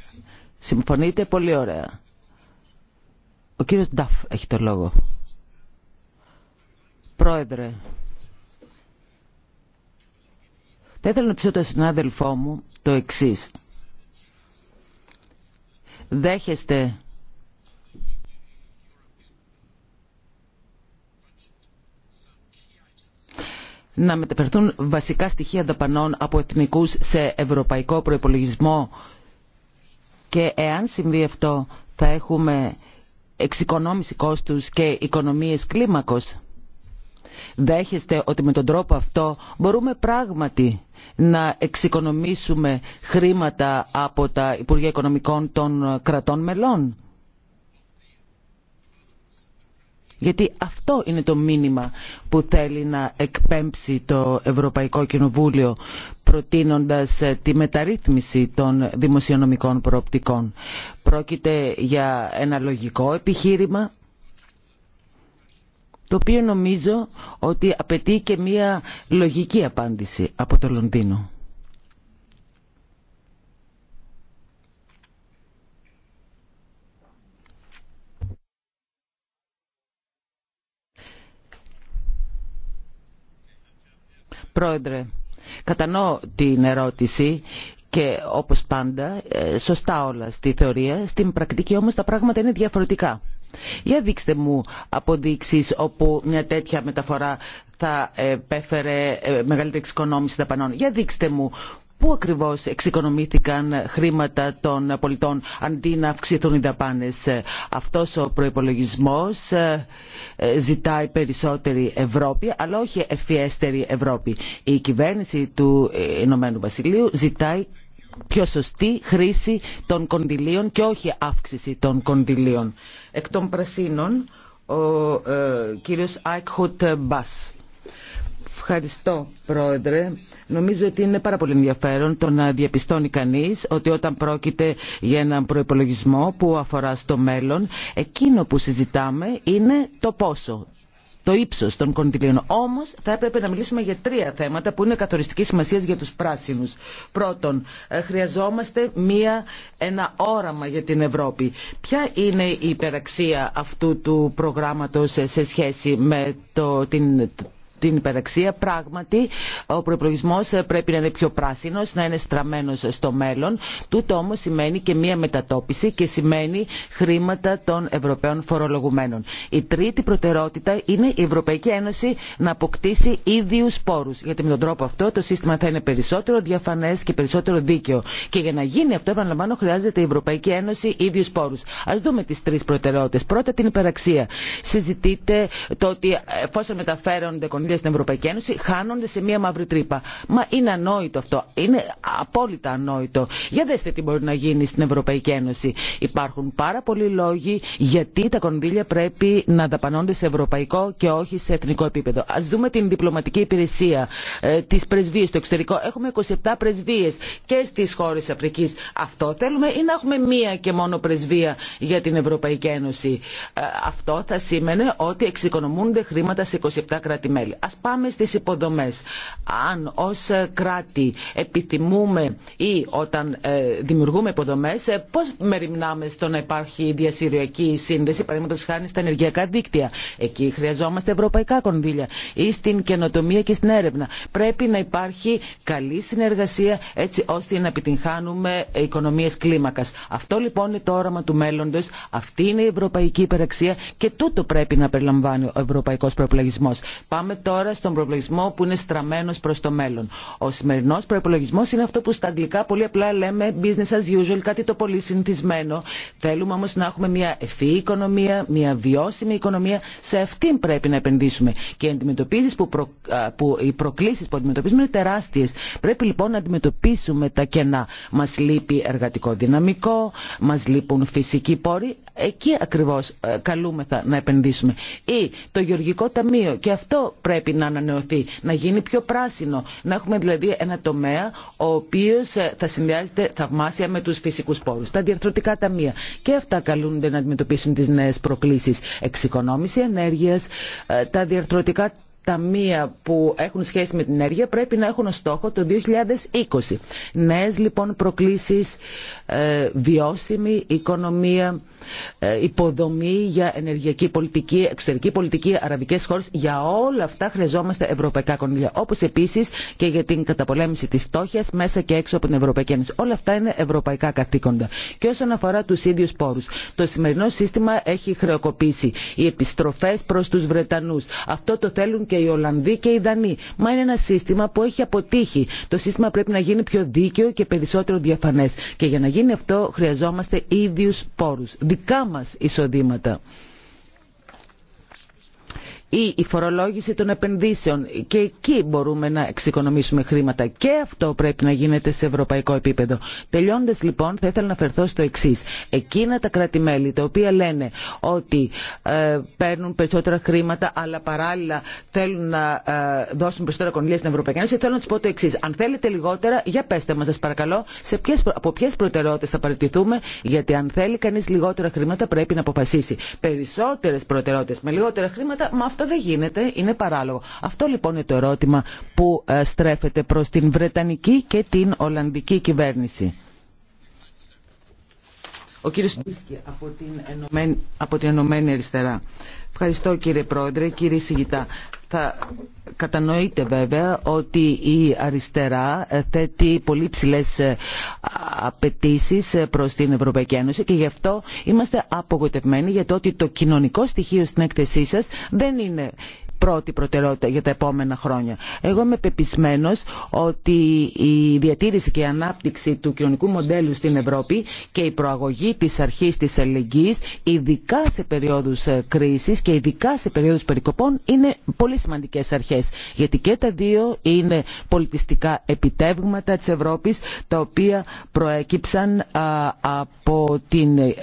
S3: Συμφωνείτε, πολύ ωραία. Ο κύριος Νταφ έχει το λόγο. Πρόεδρε, θα ήθελα να ρωτήσω τον συνάδελφό μου το εξής. Δέχεστε να μεταφερθούν βασικά στοιχεία δαπανών από εθνικούς σε ευρωπαϊκό προϋπολογισμό και εάν συμβεί αυτό θα έχουμε εξοικονόμηση κόστους και οικονομίες κλίμακος. Δέχεστε ότι με τον τρόπο αυτό μπορούμε πράγματι να εξοικονομήσουμε χρήματα από τα Υπουργεία Οικονομικών των κρατών μελών. Γιατί αυτό είναι το μήνυμα που θέλει να εκπέμψει το Ευρωπαϊκό Κοινοβούλιο προτείνοντας ε, τη μεταρρύθμιση των δημοσιονομικών προοπτικών. Πρόκειται για ένα λογικό επιχείρημα το οποίο νομίζω ότι απαιτεί και μία λογική απάντηση από το Λονδίνο. Πρόεδρε, κατανοώ την ερώτηση και όπως πάντα ε, σωστά όλα στη θεωρία, στην πρακτική όμως τα πράγματα είναι διαφορετικά. Για δείξτε μου αποδείξεις όπου μια τέτοια μεταφορά θα επέφερε ε, μεγαλύτερη εξοικονόμηση δαπανών. Για δείξτε μου πού ακριβώς εξοικονομήθηκαν χρήματα των πολιτών αντί να αυξηθούν οι δαπάνες. Αυτός ο προϋπολογισμός ε, ε, ζητάει περισσότερη Ευρώπη, αλλά όχι ευφιέστερη Ευρώπη. Η κυβέρνηση του ε, Ηνωμένου Βασιλείου ζητάει πιο σωστή χρήση των κονδυλίων και όχι αύξηση των κονδυλίων. Εκ των πρασίνων, ο ε, κύριος Άικχουτ Μπάς. Ευχαριστώ, Πρόεδρε. Νομίζω ότι είναι πάρα πολύ ενδιαφέρον το να διαπιστώνει κανεί ότι όταν πρόκειται για έναν προπολογισμό που αφορά στο μέλλον, εκείνο που συζητάμε είναι το πόσο το ύψο των κονδυλίων. Όμω θα έπρεπε να μιλήσουμε για τρία θέματα που είναι καθοριστική σημασία για του πράσινου. Πρώτον, ε, χρειαζόμαστε ένα όραμα για την Ευρώπη. Ποια είναι η υπεραξία αυτού του προγράμματο ε, σε σχέση με το, την υπεραξία. Πράγματι, ο προπολογισμό πρέπει να είναι πιο πράσινο, να είναι στραμμένο στο μέλλον. Τούτο όμω σημαίνει και μία μετατόπιση και σημαίνει χρήματα των Ευρωπαίων φορολογουμένων. Η τρίτη προτεραιότητα είναι η Ευρωπαϊκή Ένωση να αποκτήσει ίδιου πόρου. Γιατί με τον τρόπο αυτό το σύστημα θα είναι περισσότερο διαφανέ και περισσότερο δίκαιο. Και για να γίνει αυτό, επαναλαμβάνω, χρειάζεται η Ευρωπαϊκή Ένωση ίδιου πόρου. Α δούμε τι τρει προτεραιότητε. Πρώτα την υπεραξία. Συζητείτε το ότι εφόσον μεταφέρονται στην Ευρωπαϊκή Ένωση χάνονται σε μία μαύρη τρύπα. Μα είναι ανόητο αυτό. Είναι απόλυτα ανόητο. Για δέστε τι μπορεί να γίνει στην Ευρωπαϊκή Ένωση. Υπάρχουν πάρα πολλοί λόγοι γιατί τα κονδύλια πρέπει να δαπανώνται σε ευρωπαϊκό και όχι σε εθνικό επίπεδο. Α δούμε την διπλωματική υπηρεσία, ε, τι πρεσβείε στο εξωτερικό. Έχουμε 27 πρεσβείε και στι χώρε Αφρική. Αυτό θέλουμε ή να έχουμε μία και μόνο πρεσβεία για την Ευρωπαϊκή Ένωση. Ε, αυτό θα σήμαινε ότι εξοικονομούνται χρήματα σε 27 κράτη-μέλη ας πάμε στις υποδομές. Αν ως ε, κράτη επιθυμούμε ή όταν ε, δημιουργούμε υποδομές, ε, πώς μεριμνάμε στο να υπάρχει διασυριακή σύνδεση, παραδείγματο χάνει στα ενεργειακά δίκτυα. Εκεί χρειαζόμαστε ευρωπαϊκά κονδύλια ή στην καινοτομία και στην έρευνα. Πρέπει να υπάρχει καλή συνεργασία έτσι ώστε να επιτυγχάνουμε οικονομίες κλίμακας. Αυτό λοιπόν είναι το όραμα του μέλλοντος, αυτή είναι η ευρωπαϊκή υπεραξία και τούτο πρέπει να περιλαμβάνει ο ευρωπαϊκός προπλαγισμός. Πάμε τώρα τώρα στον προπολογισμό που είναι στραμμένος προς το μέλλον. Ο σημερινός προπολογισμός είναι αυτό που στα αγγλικά πολύ απλά λέμε business as usual, κάτι το πολύ συνηθισμένο. Θέλουμε όμως να έχουμε μια ευφυή οικονομία, μια βιώσιμη οικονομία. Σε αυτήν πρέπει να επενδύσουμε. Και οι, που προ... που... οι προκλήσεις που αντιμετωπίζουμε είναι τεράστιες. Πρέπει λοιπόν να αντιμετωπίσουμε τα κενά. Μας λείπει εργατικό δυναμικό, μας λείπουν φυσικοί πόροι. Εκεί ακριβώς ε, καλούμεθα να επενδύσουμε. Ή το Γεωργικό Ταμείο. Και αυτό πρέπει πρέπει να ανανεωθεί, να γίνει πιο πράσινο. Να έχουμε δηλαδή ένα τομέα ο οποίο ε, θα συνδυάζεται θαυμάσια με του φυσικού πόρου. Τα διαρθρωτικά ταμεία. Και αυτά καλούνται να αντιμετωπίσουν τι νέε προκλήσει. Εξοικονόμηση ενέργεια, ε, τα διαρθρωτικά ταμεία που έχουν σχέση με την ενέργεια πρέπει να έχουν στόχο το 2020. Νέες λοιπόν προκλήσεις, ε, βιώσιμη οικονομία, ε, υποδομή για ενεργειακή πολιτική, εξωτερική πολιτική, αραβικέ χώρε, Για όλα αυτά χρειαζόμαστε ευρωπαϊκά κονδύλια. Όπω επίση και για την καταπολέμηση τη φτώχεια μέσα και έξω από την Ευρωπαϊκή Ένωση. Όλα αυτά είναι ευρωπαϊκά καθήκοντα. Και όσον αφορά του ίδιου πόρου, Το σημερινό σύστημα έχει χρεοκοπήσει. Οι επιστροφέ προ του Βρετανού. Αυτό το θέλουν και οι Ολλανδοί και οι Δανείοι. Μα είναι ένα σύστημα που έχει αποτύχει. Το σύστημα πρέπει να γίνει πιο δίκαιο και περισσότερο διαφανέ. Και για να γίνει αυτό χρειαζόμαστε ίδιου πόρου δικά μας εισοδήματα ή η φορολόγηση των επενδύσεων και εκεί μπορούμε να εξοικονομήσουμε χρήματα και αυτό πρέπει να γίνεται σε ευρωπαϊκό επίπεδο. Τελειώντας λοιπόν θα ήθελα να φερθώ στο εξή. Εκείνα τα κράτη-μέλη τα οποία λένε ότι ε, παίρνουν περισσότερα χρήματα αλλά παράλληλα θέλουν να ε, δώσουν περισσότερα κονδύλια στην Ευρωπαϊκή Ένωση θέλω να του πω το εξή. Αν θέλετε λιγότερα για πέστε μας σας παρακαλώ σε ποιες, από ποιε προτεραιότητες θα παραιτηθούμε γιατί αν θέλει κανείς λιγότερα χρήματα πρέπει να αποφασίσει περισσότερες προτεραιότητες με λιγότερα χρήματα με αυτό δεν γίνεται, είναι παράλογο. Αυτό λοιπόν είναι το ερώτημα που ε, στρέφεται προς την Βρετανική και την Ολλανδική κυβέρνηση. Ο κύριος Πίσκη από την, Ενωμένη, από την Ενωμένη Αριστερά. Ευχαριστώ κύριε Πρόεδρε, κύριε Σιγητά. Θα κατανοείτε βέβαια ότι η αριστερά θέτει πολύ ψηλέ ε, απαιτήσει ε, προς την Ευρωπαϊκή Ένωση και γι' αυτό είμαστε απογοητευμένοι για το ότι το κοινωνικό στοιχείο στην έκθεσή σας δεν είναι πρώτη προτεραιότητα για τα επόμενα χρόνια. Εγώ είμαι πεπισμένος ότι η διατήρηση και η ανάπτυξη του κοινωνικού μοντέλου στην Ευρώπη και η προαγωγή της αρχής της ελεγγύη, ειδικά σε περίοδους ε, κρίσης και ειδικά σε περίοδους περικοπών, είναι πολύ σημαντικέ αρχές. Γιατί και τα δύο είναι πολιτιστικά επιτεύγματα τη Ευρώπη, τα οποία προέκυψαν από την ε,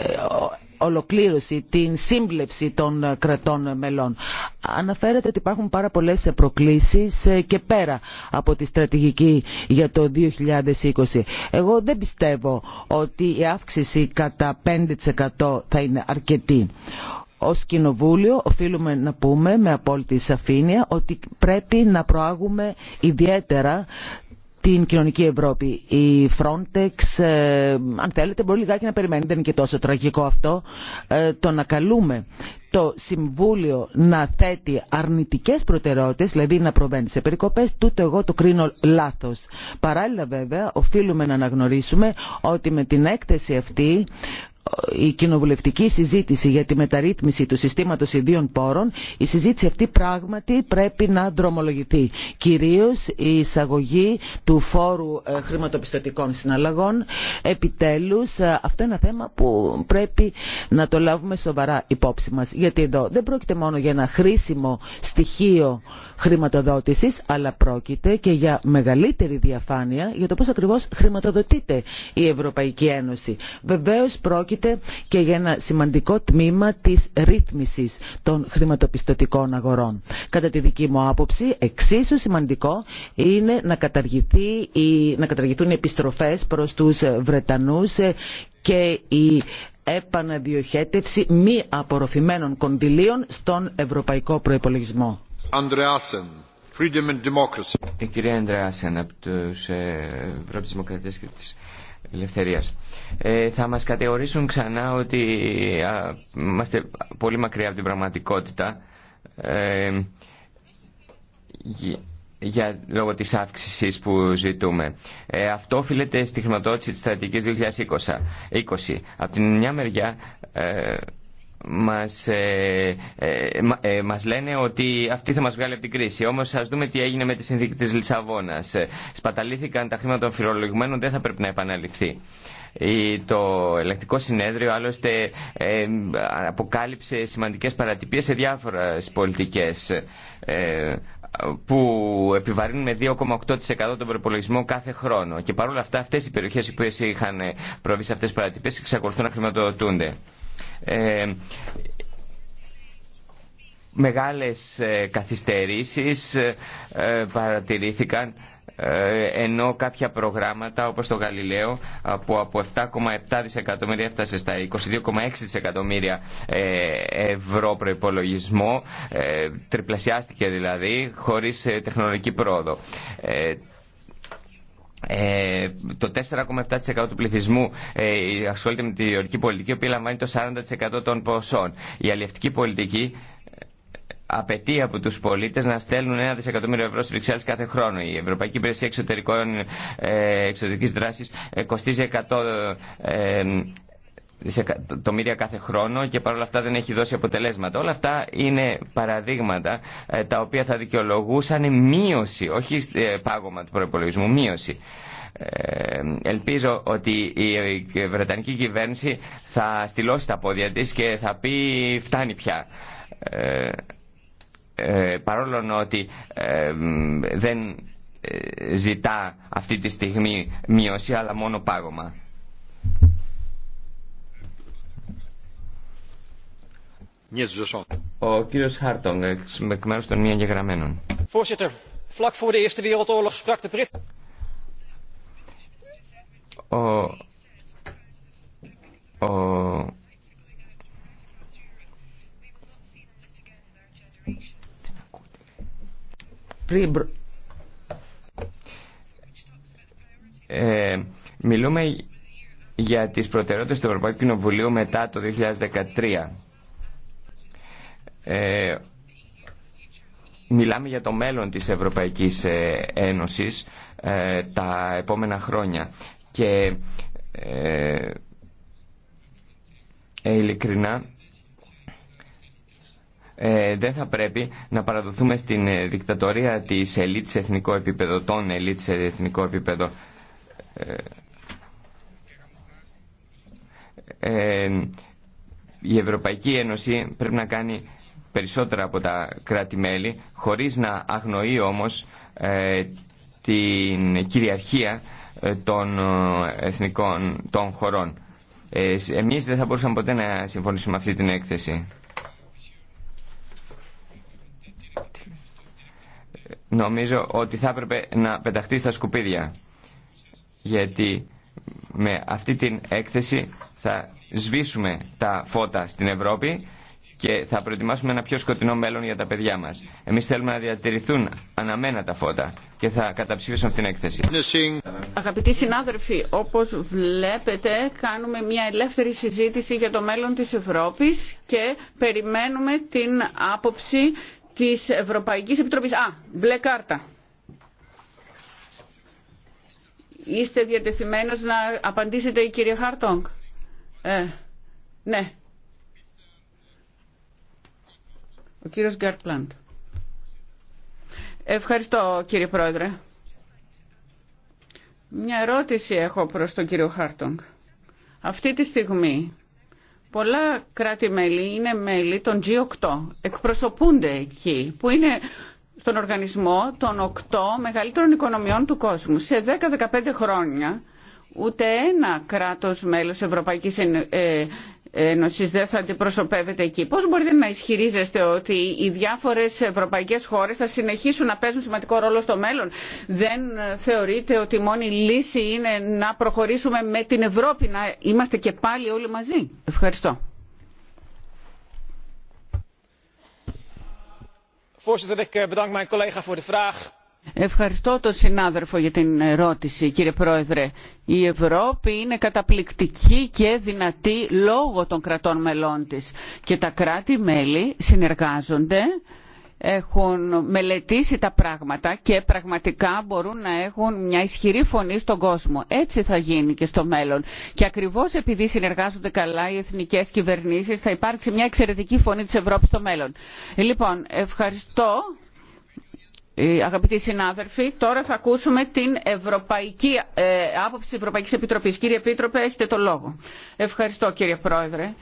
S3: ολοκλήρωση, την σύμπλευση των ε, κρατών μελών. Αναφέρεται ότι υπάρχουν πάρα πολλές ε, προκλήσεις ε, και πέρα από τη στρατηγική για το 2020. Εγώ δεν πιστεύω ότι η αύξηση κατά 5% θα είναι αρκετή. Ως Κοινοβούλιο οφείλουμε να πούμε με απόλυτη σαφήνεια ότι πρέπει να προάγουμε ιδιαίτερα την κοινωνική Ευρώπη. Η Frontex, ε, αν θέλετε, μπορεί λιγάκι να περιμένει, δεν είναι και τόσο τραγικό αυτό, ε, το να καλούμε το Συμβούλιο να θέτει αρνητικές προτεραιότητες, δηλαδή να προβαίνει σε περικοπές, τούτο εγώ το κρίνω λάθος. Παράλληλα βέβαια, οφείλουμε να αναγνωρίσουμε ότι με την έκθεση αυτή η κοινοβουλευτική συζήτηση για τη μεταρρύθμιση του συστήματος ιδίων πόρων, η συζήτηση αυτή πράγματι πρέπει να δρομολογηθεί. Κυρίως η εισαγωγή του φόρου ε, χρηματοπιστωτικών συναλλαγών. Επιτέλους, ε, αυτό είναι ένα θέμα που πρέπει να το λάβουμε σοβαρά υπόψη μας. Γιατί εδώ δεν πρόκειται μόνο για ένα χρήσιμο στοιχείο χρηματοδότησης, αλλά πρόκειται και για μεγαλύτερη διαφάνεια για το πώς ακριβώς χρηματοδοτείται η Ευρωπαϊκή Ένωση. Βεβαίως πρόκειται και για ένα σημαντικό τμήμα της ρύθμισης των χρηματοπιστωτικών αγορών. Κατά τη δική μου άποψη, εξίσου σημαντικό είναι να, καταργηθεί, να καταργηθούν οι επιστροφές προς τους Βρετανούς και η επαναδιοχέτευση μη απορροφημένων κονδυλίων στον ευρωπαϊκό προϋπολογισμό.
S2: από ε, ελευθερίας. Ε, θα μας κατηγορήσουν ξανά ότι α, είμαστε πολύ μακριά από την πραγματικότητα ε, για, λόγω της αύξησης που ζητούμε. Ε, αυτό οφείλεται στη χρηματοδότηση της στρατηγικής 2020. 20. Από την μια μεριά ε, μας, ε, ε, ε λένε ότι αυτή θα μας βγάλει από την κρίση. Όμως ας δούμε τι έγινε με τη συνθήκη της Λισαβόνας. Ε, σπαταλήθηκαν τα χρήματα των φιλολογημένων, δεν θα πρέπει να επαναληφθεί. Το ελεκτικό συνέδριο άλλωστε ε, αποκάλυψε σημαντικές παρατυπίες σε διάφορες πολιτικές που επιβαρύνουν με 2,8% τον προπολογισμό κάθε χρόνο. Και παρόλα αυτά αυτές οι περιοχές που είχαν προβεί σε αυτές τις παρατυπίες εξακολουθούν να χρηματοδοτούνται. Ε, μεγάλες ε, καθυστερήσεις ε, παρατηρήθηκαν ενώ κάποια προγράμματα όπως το Γαλιλαίο που από 7,7 δισεκατομμύρια έφτασε στα 22,6 δισεκατομμύρια ευρώ προϋπολογισμό τριπλασιάστηκε δηλαδή χωρίς τεχνολογική πρόοδο ε, το 4,7% του πληθυσμού ε, ασχολείται με τη διορκική πολιτική, η οποία λαμβάνει το 40% των ποσών. Η αλληλευτική πολιτική ε, απαιτεί από τους πολίτες να στέλνουν ένα δισεκατομμύριο ευρώ στις Βρυξέλλες κάθε χρόνο. Η Ευρωπαϊκή Υπηρεσία Εξωτερικών ε, εξωτερικής δράσης Δράση κοστίζει 100 δισεκατομμύρια κάθε χρόνο και παρόλα αυτά δεν έχει δώσει αποτελέσματα. Όλα αυτά είναι παραδείγματα ε, τα οποία θα δικαιολογούσαν μείωση, όχι ε, πάγωμα του προπολογισμού, μείωση. Ε, ελπίζω ότι η Βρετανική κυβέρνηση θα στυλώσει τα πόδια της και θα πει φτάνει πια. Ε, παρόλο ότι δεν ζητά αυτή τη στιγμή μείωση αλλά μόνο πάγωμα. Ο κύριος Χάρτονγκ, εκ μέρους των μη εγγεγραμμένων. Ε, μιλούμε για τις προτεραιότητες του Ευρωπαϊκού Κοινοβουλίου μετά το 2013 ε, μιλάμε για το μέλλον της Ευρωπαϊκής ε, Ένωσης ε, τα επόμενα χρόνια και ε, ε ειλικρινά δεν θα πρέπει να παραδοθούμε στην δικτατορία της ελίτ σε εθνικό επίπεδο, των ελίτ σε εθνικό επίπεδο. η Ευρωπαϊκή Ένωση πρέπει να κάνει περισσότερα από τα κράτη-μέλη, χωρίς να αγνοεί όμως ε, την κυριαρχία ε, των ε, εθνικών των χωρών. Ε, εμείς δεν θα μπορούσαμε ποτέ να συμφωνήσουμε με αυτή την έκθεση. Νομίζω ότι θα έπρεπε να πεταχτεί στα σκουπίδια. Γιατί με αυτή την έκθεση θα σβήσουμε τα φώτα στην Ευρώπη και θα προετοιμάσουμε ένα πιο σκοτεινό μέλλον για τα παιδιά μα. Εμεί θέλουμε να διατηρηθούν αναμένα τα φώτα και θα καταψηφίσουν την έκθεση.
S1: Αγαπητοί συνάδελφοι, όπω βλέπετε, κάνουμε μια ελεύθερη συζήτηση για το μέλλον τη Ευρώπη και περιμένουμε την άποψη τη Ευρωπαϊκή Επιτροπή. Α, μπλε κάρτα. Είστε διατεθειμένος να απαντήσετε, κυρία Χαρτόγκ. Ε, ναι. Ο κύριος Γκάρτ Ευχαριστώ κύριε Πρόεδρε. Μια ερώτηση έχω προς τον κύριο Χάρτονγκ. Αυτή τη στιγμή πολλά κράτη-μέλη είναι μέλη των G8. Εκπροσωπούνται εκεί, που είναι στον οργανισμό των 8 μεγαλύτερων οικονομιών του κόσμου. Σε 10-15 χρόνια ούτε ένα κράτος μέλος Ευρωπαϊκής ε, Ένωση δεν θα αντιπροσωπεύεται εκεί. Πώ μπορείτε να ισχυρίζεστε ότι οι διάφορε ευρωπαϊκέ χώρε θα συνεχίσουν να παίζουν σημαντικό ρόλο στο μέλλον. Δεν θεωρείτε ότι η μόνη λύση είναι να προχωρήσουμε με την Ευρώπη, να είμαστε και πάλι όλοι μαζί. Ευχαριστώ.
S2: Voorzitter, ik eh, bedank mijn collega voor
S1: Ευχαριστώ τον συνάδελφο για την ερώτηση, κύριε Πρόεδρε. Η Ευρώπη είναι καταπληκτική και δυνατή λόγω των κρατών μελών της και τα κράτη-μέλη συνεργάζονται έχουν μελετήσει τα πράγματα και πραγματικά μπορούν να έχουν μια ισχυρή φωνή στον κόσμο. Έτσι θα γίνει και στο μέλλον. Και ακριβώς επειδή συνεργάζονται καλά οι εθνικές κυβερνήσεις θα υπάρξει μια εξαιρετική φωνή της Ευρώπης στο μέλλον. Λοιπόν, ευχαριστώ. Ε, αγαπητοί συνάδελφοι, τώρα θα ακούσουμε την ευρωπαϊκή, ε, άποψη της Ευρωπαϊκής Επιτροπής. Κύριε Επίτροπε, έχετε το λόγο. Ευχαριστώ κύριε Πρόεδρε.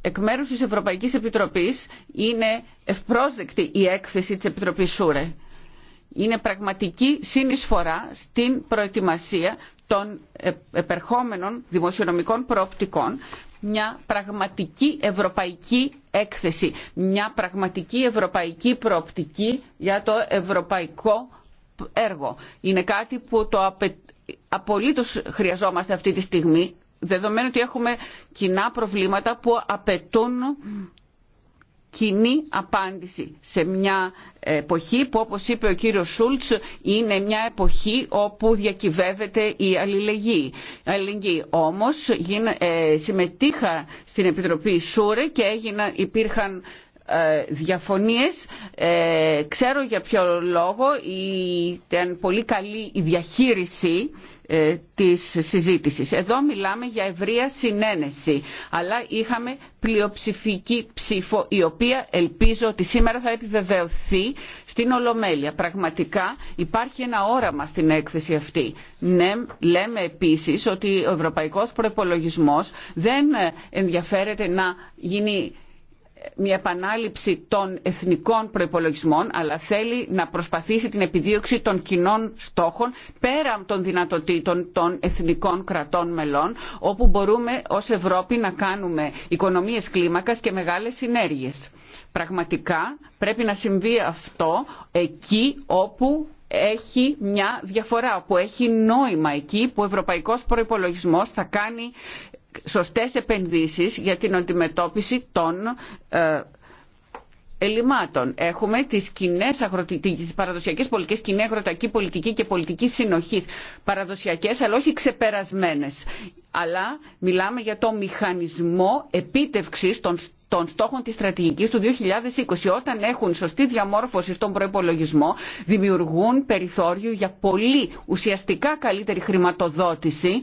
S1: Εκ μέρους της Ευρωπαϊκής Επιτροπής είναι ευπρόσδεκτη η έκθεση της Επιτροπής ΣΟΥΡΕ. Είναι πραγματική συνεισφορά στην προετοιμασία των ε, επερχόμενων δημοσιονομικών προοπτικών μια πραγματική ευρωπαϊκή έκθεση, μια πραγματική ευρωπαϊκή προοπτική για το ευρωπαϊκό έργο. Είναι κάτι που το απε... απολύτως χρειαζόμαστε αυτή τη στιγμή, δεδομένου ότι έχουμε κοινά προβλήματα που απαιτούν κοινή απάντηση σε μια εποχή που όπως είπε ο κύριος Σούλτς είναι μια εποχή όπου διακυβεύεται η αλληλεγγύη. αλληλεγγύη. Όμως ε, συμμετείχα στην Επιτροπή Σούρε και έγινα, υπήρχαν ε, διαφωνίες ε, ξέρω για ποιο λόγο ήταν πολύ καλή η διαχείριση ε, της συζήτησης. Εδώ μιλάμε για ευρεία συνένεση, αλλά είχαμε πλειοψηφική ψήφο, η οποία ελπίζω ότι σήμερα θα επιβεβαιωθεί στην Ολομέλεια. Πραγματικά υπάρχει ένα όραμα στην έκθεση αυτή. Ναι, λέμε επίσης ότι ο ευρωπαϊκός προπολογισμό δεν ε, ενδιαφέρεται να γίνει μια επανάληψη των εθνικών προϋπολογισμών αλλά θέλει να προσπαθήσει την επιδίωξη των κοινών στόχων πέρα των δυνατοτήτων των εθνικών κρατών μελών όπου μπορούμε ως Ευρώπη να κάνουμε οικονομίες κλίμακας και μεγάλες συνέργειες. Πραγματικά πρέπει να συμβεί αυτό εκεί όπου έχει μια διαφορά, που έχει νόημα εκεί που ο ευρωπαϊκός προϋπολογισμός θα κάνει σωστές επενδύσεις για την αντιμετώπιση των ε, ελλημάτων. Έχουμε τις, κοινές αγροτι... τις παραδοσιακές πολιτικές, κοινή αγροτική πολιτική και πολιτική συνοχής. Παραδοσιακές αλλά όχι ξεπερασμένες. Αλλά μιλάμε για το μηχανισμό επίτευξης των των στόχων της στρατηγικής του 2020 όταν έχουν σωστή διαμόρφωση στον προϋπολογισμό δημιουργούν περιθώριο για πολύ ουσιαστικά καλύτερη χρηματοδότηση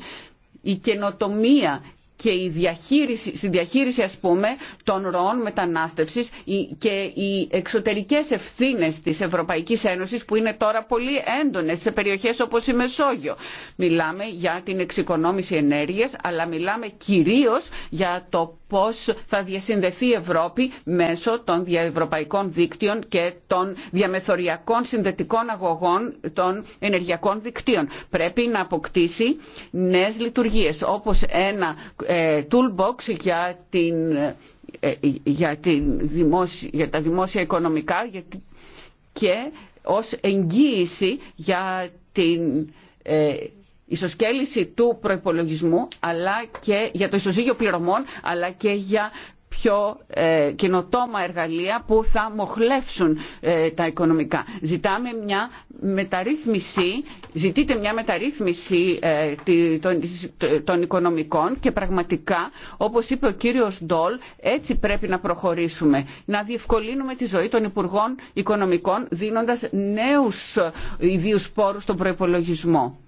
S1: η καινοτομία και η διαχείριση, στη διαχείριση ας πούμε των ροών μετανάστευσης και οι εξωτερικές ευθύνες της Ευρωπαϊκής Ένωσης που είναι τώρα πολύ έντονες σε περιοχές όπως η Μεσόγειο. Μιλάμε για την εξοικονόμηση ενέργειας αλλά μιλάμε κυρίως για το πώς θα διασυνδεθεί η Ευρώπη μέσω των διαευρωπαϊκών δίκτυων και των διαμεθοριακών συνδετικών αγωγών των ενεργειακών δικτύων. Πρέπει να αποκτήσει νέες λειτουργίες όπως ένα ε, toolbox για, την, ε, για, δημόσια, για τα δημόσια οικονομικά και ως εγγύηση για την ε, ισοσκέληση του προϋπολογισμού αλλά και για το ισοζύγιο πληρωμών αλλά και για πιο ε, καινοτόμα εργαλεία που θα μοχλεύσουν ε, τα οικονομικά. Ζητάμε μια μεταρρύθμιση, ζητείτε μια μεταρρύθμιση ε, των οικονομικών και πραγματικά, όπως είπε ο κύριος Ντόλ, έτσι πρέπει να προχωρήσουμε. Να διευκολύνουμε τη ζωή των Υπουργών Οικονομικών δίνοντας νέους ιδίους πόρους στον προϋπολογισμό.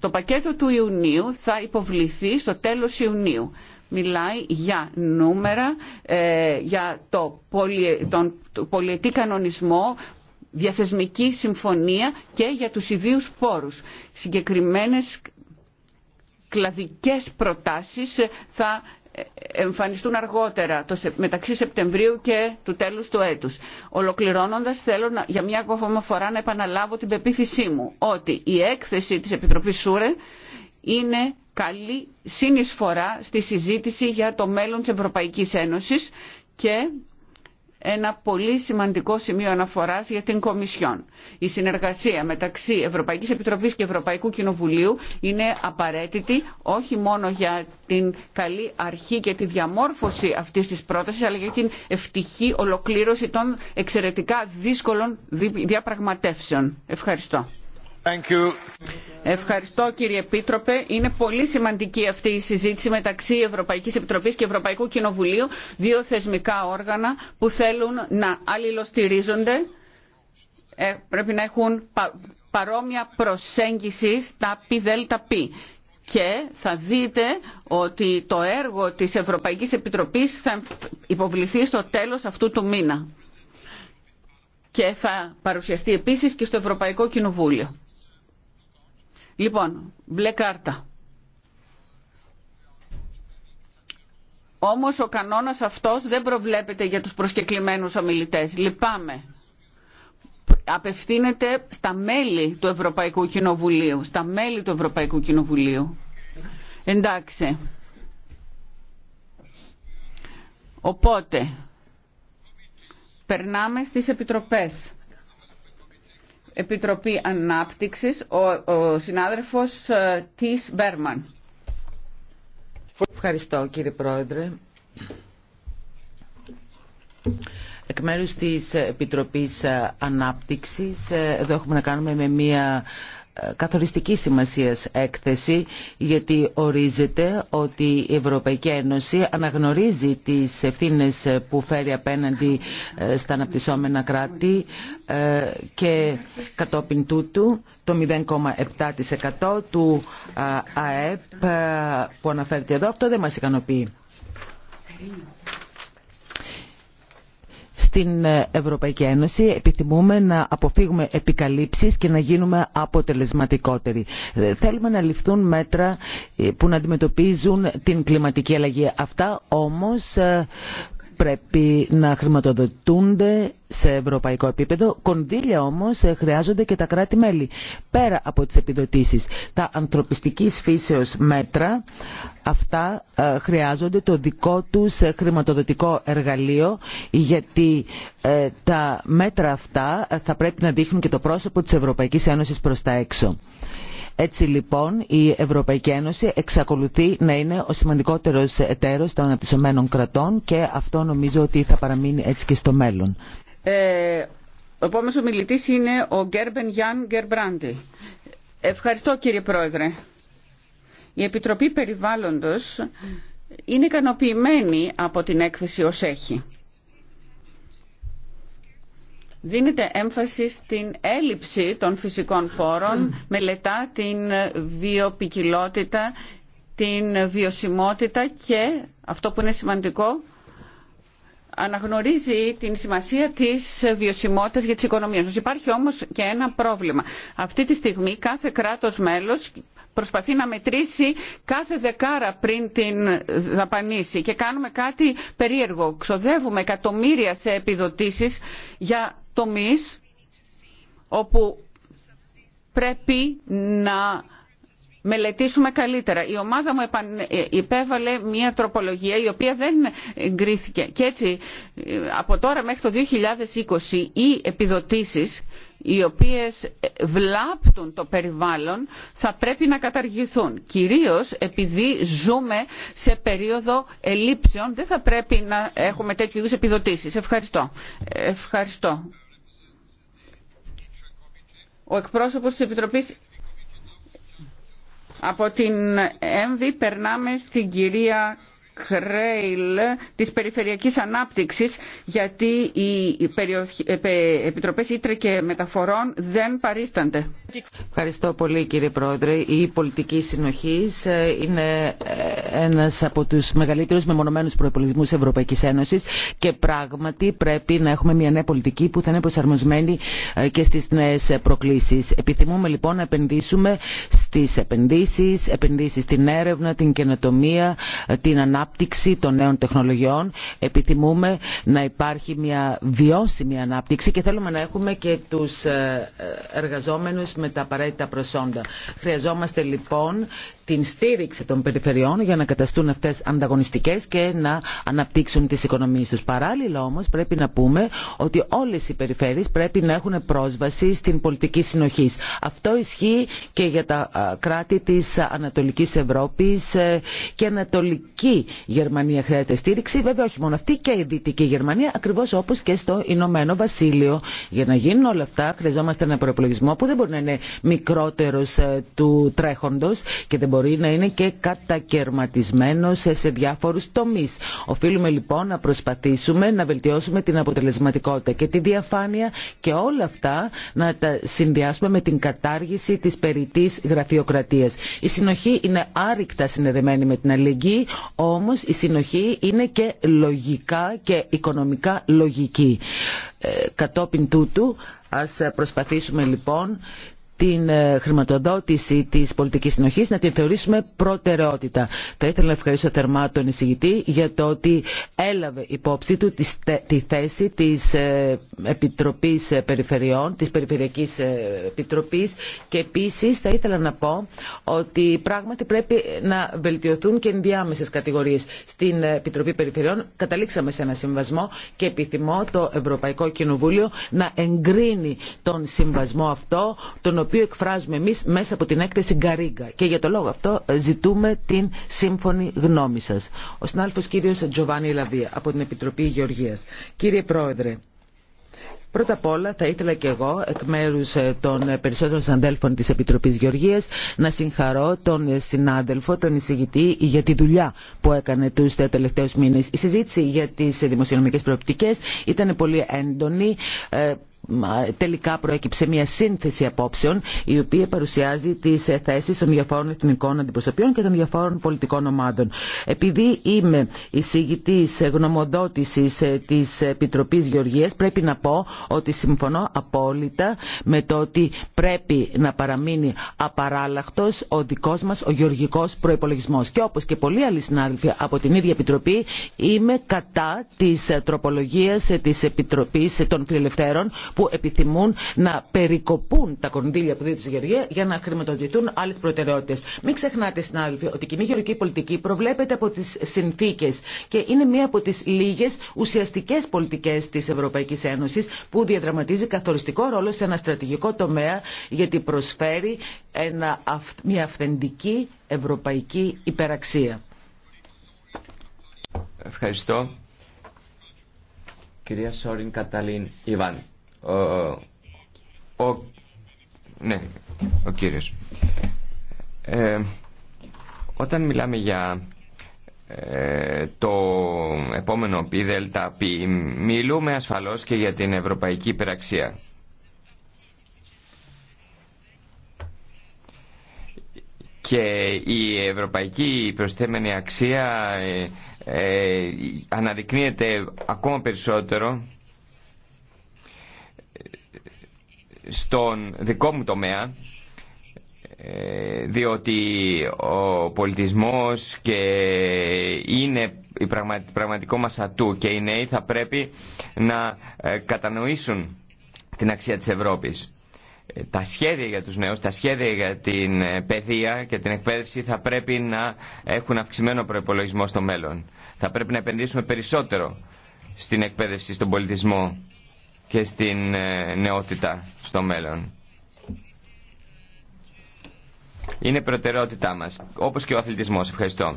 S1: Το πακέτο του Ιουνίου θα υποβληθεί στο τέλος Ιουνίου μιλάει για νούμερα, ε, για το τον πολιετή κανονισμό, διαθεσμική συμφωνία και για τους ιδίους πόρους. Συγκεκριμένες κλαδικές προτάσεις θα εμφανιστούν αργότερα το, μεταξύ Σεπτεμβρίου και του τέλους του έτους. Ολοκληρώνοντας θέλω να, για μια ακόμα φορά να επαναλάβω την πεποίθησή μου ότι η έκθεση της Επιτροπής Σούρε είναι καλή συνεισφορά στη συζήτηση για το μέλλον της Ευρωπαϊκής Ένωσης και ένα πολύ σημαντικό σημείο αναφοράς για την Κομισιόν. Η συνεργασία μεταξύ Ευρωπαϊκής Επιτροπής και Ευρωπαϊκού Κοινοβουλίου είναι απαραίτητη όχι μόνο για την καλή αρχή και τη διαμόρφωση αυτής της πρότασης αλλά για την ευτυχή ολοκλήρωση των εξαιρετικά δύσκολων διαπραγματεύσεων. Ευχαριστώ. Ευχαριστώ κύριε Επίτροπε. Είναι πολύ σημαντική αυτή η συζήτηση μεταξύ Ευρωπαϊκής Επιτροπής και Ευρωπαϊκού Κοινοβουλίου, δύο θεσμικά όργανα που θέλουν να αλληλοστηρίζονται, ε, πρέπει να έχουν παρόμοια προσέγγιση στα πι και θα δείτε ότι το έργο της Ευρωπαϊκής Επιτροπής θα υποβληθεί στο τέλος αυτού του μήνα και θα παρουσιαστεί επίσης και στο Ευρωπαϊκό Κοινοβούλιο. Λοιπόν, μπλε κάρτα. Όμως ο κανόνας αυτός δεν προβλέπεται για τους προσκεκλημένους ομιλητές. Λυπάμαι. Απευθύνεται στα μέλη του Ευρωπαϊκού Κοινοβουλίου. Στα μέλη του Ευρωπαϊκού Κοινοβουλίου. Εντάξει. Οπότε, περνάμε στις επιτροπές. Επιτροπή Ανάπτυξης, ο, ο συνάδελφος ε, της Μπέρμαν. Ευχαριστώ κύριε Πρόεδρε.
S3: Εκ μέρους της Επιτροπής Ανάπτυξης, ε, εδώ έχουμε να κάνουμε με μία καθοριστική σημασίας έκθεση γιατί ορίζεται ότι η Ευρωπαϊκή Ένωση αναγνωρίζει τις ευθύνες που φέρει απέναντι ε, στα αναπτυσσόμενα κράτη ε, και κατόπιν τούτου το 0,7% του ΑΕΠ ε, που αναφέρεται εδώ αυτό δεν μας ικανοποιεί. Στην ε, Ευρωπαϊκή Ένωση επιθυμούμε να αποφύγουμε επικαλύψεις και να γίνουμε αποτελεσματικότεροι. Ε, θέλουμε να ληφθούν μέτρα ε, που να αντιμετωπίζουν την κλιματική αλλαγή. Αυτά όμως πρέπει να χρηματοδοτούνται σε ευρωπαϊκό επίπεδο. Κονδύλια όμως ε, χρειάζονται και τα κράτη-μέλη. Πέρα από τις επιδοτήσεις, τα ανθρωπιστικής φύσεως μέτρα, αυτά ε, χρειάζονται το δικό τους ε, χρηματοδοτικό εργαλείο, γιατί τα μέτρα αυτά θα πρέπει να δείχνουν και το πρόσωπο της Ευρωπαϊκής Ένωσης προς τα έξω. Έτσι λοιπόν η Ευρωπαϊκή Ένωση εξακολουθεί να είναι ο σημαντικότερος εταίρος των αναπτυσσομένων κρατών και αυτό νομίζω ότι θα παραμείνει έτσι και στο μέλλον.
S1: Ε, ο επόμενος ομιλητής είναι ο Γκέρμπεν Γιάν Γκερμπράντι. Ευχαριστώ κύριε Πρόεδρε. Η Επιτροπή Περιβάλλοντος είναι ικανοποιημένη από την έκθεση ως έχει. Δίνεται έμφαση στην έλλειψη των φυσικών πόρων, μελετά την βιοπικιλότητα, την βιωσιμότητα και, αυτό που είναι σημαντικό, αναγνωρίζει την σημασία της βιωσιμότητα για τις οικονομίες μα. Υπάρχει όμως και ένα πρόβλημα. Αυτή τη στιγμή κάθε κράτος μέλος προσπαθεί να μετρήσει κάθε δεκάρα πριν την δαπανίσει και κάνουμε κάτι περίεργο. Ξοδεύουμε εκατομμύρια σε επιδοτήσεις για τομείς όπου πρέπει να μελετήσουμε καλύτερα. Η ομάδα μου υπέβαλε μια τροπολογία η οποία δεν εγκρίθηκε. Και έτσι από τώρα μέχρι το 2020 οι επιδοτήσεις οι οποίες βλάπτουν το περιβάλλον θα πρέπει να καταργηθούν. Κυρίως επειδή ζούμε σε περίοδο ελήψεων δεν θα πρέπει να έχουμε τέτοιου είδους επιδοτήσεις. Ευχαριστώ. Ευχαριστώ. Ο εκπρόσωπος της Επιτροπής από την ΕΜΒΗ περνάμε στην κυρία Κρέιλ της Περιφερειακής Ανάπτυξης γιατί οι ε, Επιτροπές Ήτρε και Μεταφορών δεν παρίστανται.
S3: Ευχαριστώ πολύ κύριε Πρόεδρε. Η πολιτική συνοχή ε, είναι ε, ένας από τους μεγαλύτερους μεμονωμένους προϋπολογισμούς Ευρωπαϊκής Ένωσης και πράγματι πρέπει να έχουμε μια νέα πολιτική που θα είναι προσαρμοσμένη και στις νέες προκλήσεις. Επιθυμούμε λοιπόν να επενδύσουμε στις επενδύσεις, επενδύσεις στην έρευνα, την καινοτομία, την ανάπτυξη των νέων τεχνολογιών. Επιθυμούμε να υπάρχει μια βιώσιμη ανάπτυξη και θέλουμε να έχουμε και τους ε, ε, εργαζόμενους με τα απαραίτητα προσόντα. Χρειαζόμαστε λοιπόν την στήριξη των περιφερειών για να καταστούν αυτές ανταγωνιστικές και να αναπτύξουν τις οικονομίες τους. Παράλληλα όμως πρέπει να πούμε ότι όλες οι περιφέρειες πρέπει να έχουν πρόσβαση στην πολιτική συνοχή. Αυτό ισχύει και για τα κράτη της Ανατολικής Ευρώπης ε, και Ανατολική Γερμανία χρειάζεται στήριξη. Βέβαια όχι μόνο αυτή και η Δυτική Γερμανία ακριβώς όπως και στο Ηνωμένο Βασίλειο. Για να γίνουν όλα αυτά χρειαζόμαστε ένα προπολογισμό που δεν μπορεί να είναι μικρότερος ε, του τρέχοντος και δεν μπορεί να είναι και κατακαιρματισμένο σε διάφορους τομείς. Οφείλουμε λοιπόν να προσπαθήσουμε να βελτιώσουμε την αποτελεσματικότητα και τη διαφάνεια και όλα αυτά να τα συνδυάσουμε με την κατάργηση της περιττής γραφειοκρατίας. Η συνοχή είναι άρρηκτα συνδεδεμένη με την αλληλεγγύη, όμως η συνοχή είναι και λογικά και οικονομικά λογική. Ε, κατόπιν τούτου ας προσπαθήσουμε λοιπόν την ε, χρηματοδότηση της πολιτικής συνοχής να την θεωρήσουμε προτεραιότητα. Θα ήθελα να ευχαριστήσω θερμά τον εισηγητή για το ότι έλαβε υπόψη του τη θέση της ε, Επιτροπής ε, Περιφερειών, της Περιφερειακής Επιτροπής και επίσης θα ήθελα να πω ότι πράγματι πρέπει να βελτιωθούν και ενδιάμεσε κατηγορίες. Στην Επιτροπή Περιφερειών καταλήξαμε σε ένα συμβασμό και επιθυμώ το Ευρωπαϊκό Κοινοβούλιο να εγκρίνει τον συμβασμό αυτό, οποίο εκφράζουμε εμείς μέσα από την έκθεση Γκαρίγκα. Και για το λόγο αυτό ε, ζητούμε την σύμφωνη γνώμη σας. Ο συνάδελφος κύριος Τζοβάνι Λαβία από την Επιτροπή Γεωργίας. Κύριε Πρόεδρε, Πρώτα απ' όλα θα ήθελα και εγώ εκ μέρου ε, των ε, περισσότερων συναδέλφων της Επιτροπής Γεωργίας να συγχαρώ τον συνάδελφο, τον εισηγητή για τη δουλειά που έκανε τους τελευταίους μήνες. Η συζήτηση για τις δημοσιονομικές προοπτικές ήταν πολύ έντονη τελικά προέκυψε μια σύνθεση απόψεων η οποία παρουσιάζει τις ε, θέσεις των διαφόρων εθνικών αντιπροσωπείων και των διαφόρων πολιτικών ομάδων. Επειδή είμαι εισηγητής ε, γνωμοδότησης ε, της Επιτροπής Γεωργίας πρέπει να πω ότι συμφωνώ απόλυτα με το ότι πρέπει να παραμείνει απαράλλαχτος ο δικός μας ο γεωργικός προϋπολογισμός. Και όπως και πολλοί άλλοι συνάδελφοι από την ίδια Επιτροπή είμαι κατά της τροπολογίας της Επιτροπής των Φιλελευθέρων που επιθυμούν να περικοπούν τα κονδύλια που δίνουν τη Γεωργία για να χρηματοδοτηθούν άλλε προτεραιότητε. Μην ξεχνάτε, συνάδελφοι, ότι η κοινή γεωργική πολιτική προβλέπεται από τι συνθήκε και είναι μία από τι λίγε ουσιαστικέ πολιτικέ τη Ευρωπαϊκή Ένωση που διαδραματίζει καθοριστικό ρόλο σε ένα στρατηγικό τομέα γιατί προσφέρει ένα, μια αυθεντική ευρωπαϊκή υπεραξία.
S2: Ευχαριστώ. Κυρία Σόριν Καταλήν σοριν καταλιν ιβαν ο, ναι, ο κύριος. Ε, όταν μιλάμε για ε, το επόμενο πι πι, μιλούμε ασφαλώς και για την ευρωπαϊκή υπεραξία. Και η ευρωπαϊκή προσθέμενη αξία ε, ε αναδεικνύεται ακόμα περισσότερο στον δικό μου τομέα ε, διότι ο πολιτισμός και είναι η πραγματικό μας ατού και οι νέοι θα πρέπει να ε, κατανοήσουν την αξία της Ευρώπης. Ε, τα σχέδια για τους νέους, τα σχέδια για την παιδεία και την εκπαίδευση θα πρέπει να έχουν αυξημένο προπολογισμό στο μέλλον. Θα πρέπει να επενδύσουμε περισσότερο στην εκπαίδευση, στον πολιτισμό και στην ε, νεότητα στο μέλλον. Είναι προτεραιότητά μας, όπως και ο αθλητισμός. Ευχαριστώ.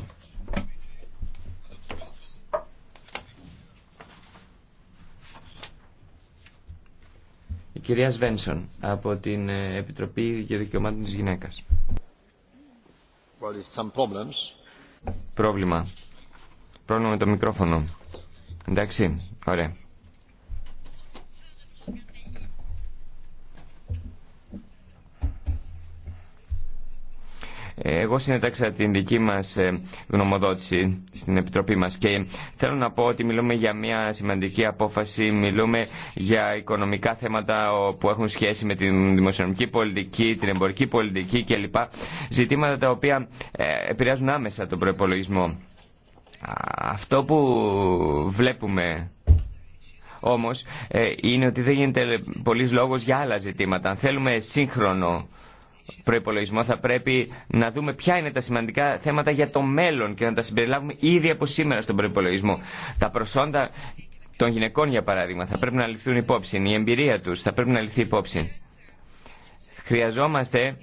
S2: Η κυρία Σβένσον από την ε, Επιτροπή για Δικαιωμάτων της Γυναίκας. Πρόβλημα. Πρόβλημα με το μικρόφωνο. Εντάξει, ωραία. Εγώ συνέταξα την δική μας ε, γνωμοδότηση στην Επιτροπή μας και θέλω να πω ότι μιλούμε για μια σημαντική απόφαση, μιλούμε για οικονομικά θέματα που έχουν σχέση με την δημοσιονομική πολιτική, την εμπορική πολιτική κλπ. Ζητήματα τα οποία ε, επηρεάζουν άμεσα τον προπολογισμό. Αυτό που βλέπουμε όμως ε, είναι ότι δεν γίνεται πολλής λόγος για άλλα ζητήματα. Αν θέλουμε σύγχρονο Προπολογισμό θα πρέπει να δούμε ποια είναι τα σημαντικά θέματα για το μέλλον και να τα συμπεριλάβουμε ήδη από σήμερα στον προπολογισμό. Τα προσόντα των γυναικών, για παράδειγμα, θα πρέπει να ληφθούν υπόψη. Η εμπειρία τους θα πρέπει να ληφθεί υπόψη. Χρειαζόμαστε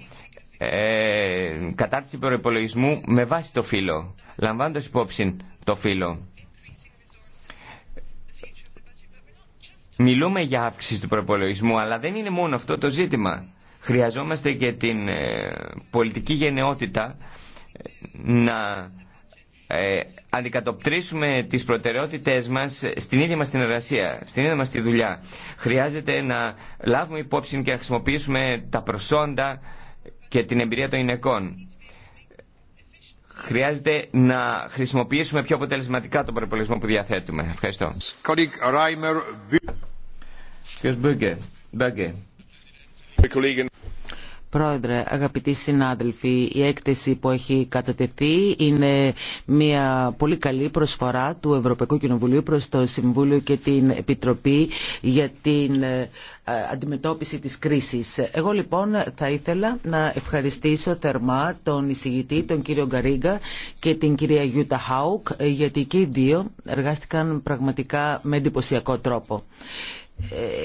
S2: ε, κατάρτιση προπολογισμού με βάση το φύλλο, λαμβάνοντα υπόψη το φύλλο. Μιλούμε για αύξηση του προπολογισμού, αλλά δεν είναι μόνο αυτό το ζήτημα. Χρειαζόμαστε και την ε, πολιτική γενναιότητα ε, να ε, αντικατοπτρίσουμε τις προτεραιότητες μας στην ίδια μας την εργασία, στην ίδια μας τη δουλειά. Χρειάζεται να λάβουμε υπόψη και να χρησιμοποιήσουμε τα προσόντα και την εμπειρία των γυναικών. Χρειάζεται να χρησιμοποιήσουμε πιο αποτελεσματικά τον προπολογισμό που διαθέτουμε. Ευχαριστώ.
S3: Πρόεδρε, αγαπητοί συνάδελφοι, η έκθεση που έχει κατατεθεί είναι μια πολύ καλή προσφορά του Ευρωπαϊκού Κοινοβουλίου προς το Συμβούλιο και την Επιτροπή για την ε, αντιμετώπιση της κρίσης. Εγώ λοιπόν θα ήθελα να ευχαριστήσω θερμά τον εισηγητή, τον κύριο Γκαρίγκα και την κυρία Γιούτα Χάουκ, ε, γιατί και οι δύο εργάστηκαν πραγματικά με εντυπωσιακό τρόπο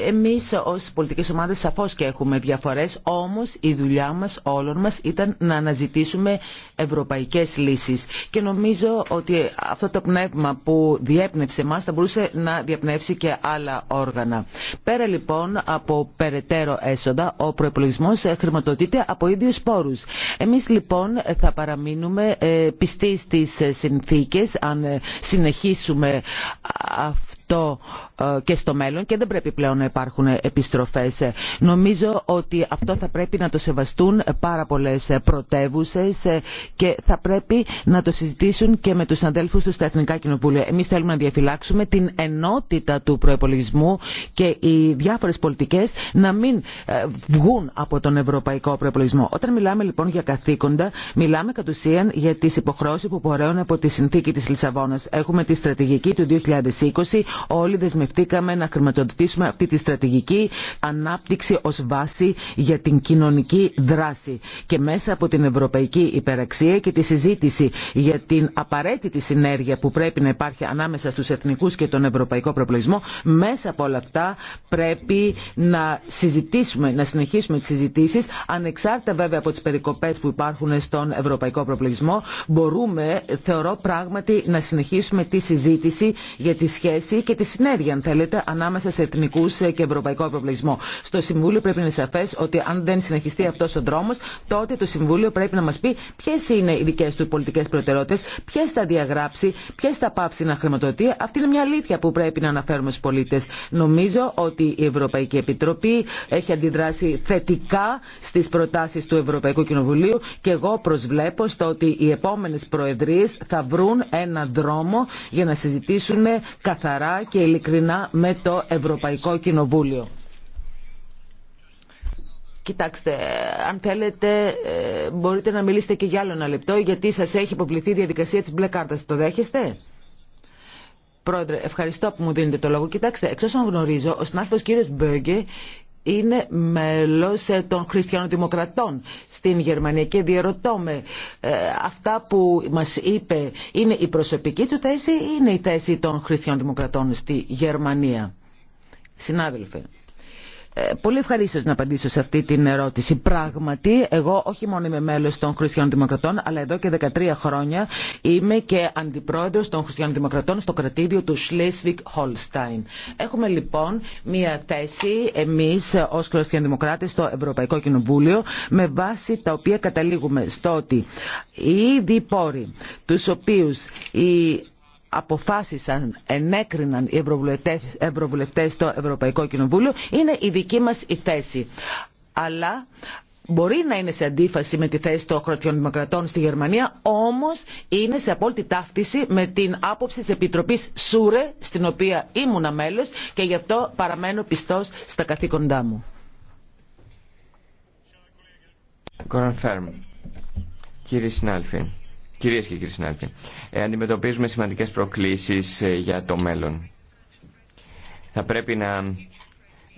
S3: εμείς ως πολιτικές ομάδες σαφώς και έχουμε διαφορές, όμως η δουλειά μας όλων μας ήταν να αναζητήσουμε ευρωπαϊκές λύσεις. Και νομίζω ότι αυτό το πνεύμα που διέπνευσε μας θα μπορούσε να διαπνεύσει και άλλα όργανα. Πέρα λοιπόν από περαιτέρω έσοδα, ο προϋπολογισμός χρηματοδοτείται από ίδιους πόρους. Εμείς λοιπόν θα παραμείνουμε ε, πιστοί στις συνθήκες αν ε, συνεχίσουμε αυτό αυτό ε, και στο μέλλον και δεν πρέπει πλέον να υπάρχουν επιστροφές. Νομίζω ότι αυτό θα πρέπει να το σεβαστούν πάρα πολλές πρωτεύουσε και θα πρέπει να το συζητήσουν και με τους αδέλφους του στα Εθνικά Κοινοβούλια. Εμείς θέλουμε να διαφυλάξουμε την ενότητα του προεπολογισμού και οι διάφορες πολιτικές να μην ε, βγουν από τον ευρωπαϊκό προεπολογισμό. Όταν μιλάμε λοιπόν για καθήκοντα, μιλάμε κατ' ουσίαν για τις υποχρεώσεις που πορεύουν από τη συνθήκη της Λισαβόνας. Έχουμε τη στρατηγική του 2020 όλοι δεσμευτήκαμε να χρηματοδοτήσουμε αυτή τη στρατηγική ανάπτυξη ως βάση για την κοινωνική δράση και μέσα από την ευρωπαϊκή υπεραξία και τη συζήτηση για την απαραίτητη συνέργεια που πρέπει να υπάρχει ανάμεσα στους εθνικούς και τον ευρωπαϊκό προπλογισμό μέσα από όλα αυτά πρέπει να συζητήσουμε, να συνεχίσουμε τις συζητήσεις ανεξάρτητα βέβαια από τις περικοπές που υπάρχουν στον ευρωπαϊκό προπλογισμό μπορούμε θεωρώ πράγματι να συνεχίσουμε τη συζήτηση για τη σχέση και τη συνέργεια, αν θέλετε, ανάμεσα σε εθνικού και ευρωπαϊκό προβλησμό. Στο Συμβούλιο πρέπει να είναι σαφέ ότι αν δεν συνεχιστεί αυτό ο δρόμο, τότε το Συμβούλιο πρέπει να μα πει ποιε είναι οι δικέ του πολιτικέ προτεραιότητε, ποιε θα διαγράψει, ποιε θα πάψει να χρηματοδοτεί. Αυτή είναι μια αλήθεια που πρέπει να αναφέρουμε στου πολίτε. Νομίζω ότι η Ευρωπαϊκή Επιτροπή έχει αντιδράσει θετικά στι προτάσει του Ευρωπαϊκού Κοινοβουλίου και εγώ προσβλέπω στο ότι οι επόμενε προεδρίε θα βρουν ένα δρόμο για να συζητήσουν καθαρά και ειλικρινά με το Ευρωπαϊκό Κοινοβούλιο. Κοιτάξτε, αν θέλετε ε, μπορείτε να μιλήσετε και για άλλο ένα λεπτό γιατί σας έχει υποπληθεί η διαδικασία της μπλε κάρτας. Το δέχεστε? Πρόεδρε, ευχαριστώ που μου δίνετε το λόγο. Κοιτάξτε, εξ όσων γνωρίζω, ο συνάδελφο κύριος Μπέγκε είναι μέλος ε, των χριστιανοδημοκρατών στην Γερμανία και διαρωτώ με ε, αυτά που μας είπε είναι η προσωπική του θέση ή είναι η θέση των χριστιανοδημοκρατών στη Γερμανία. Συνάδελφε. Ε, πολύ ευχαρίστω να απαντήσω σε αυτή την ερώτηση. Πράγματι, εγώ όχι μόνο είμαι μέλο των Χριστιανοδημοκρατών, αλλά εδώ και 13 χρόνια είμαι και αντιπρόεδρο των Χριστιανοδημοκρατών στο κρατήδιο του Schleswig Holstein. Έχουμε λοιπόν μία θέση εμεί ω Χριστιανοδημοκράτε στο Ευρωπαϊκό Κοινοβούλιο, με βάση τα οποία καταλήγουμε στο ότι οι διπόροι, πόροι, του οποίου οι αποφάσισαν, ενέκριναν οι ευρωβουλευτές στο Ευρωπαϊκό Κοινοβούλιο είναι η δική μας η θέση. Αλλά μπορεί να είναι σε αντίφαση με τη θέση των δημοκρατών στη Γερμανία, όμως είναι σε απόλυτη ταύτιση με την άποψη της Επιτροπής Σούρε, στην οποία ήμουνα μέλος και γι' αυτό παραμένω πιστός στα καθήκοντά μου.
S2: Κυρίες και κύριοι συνάδελφοι, ε, αντιμετωπίζουμε σημαντικές προκλήσεις ε, για το μέλλον. Θα πρέπει να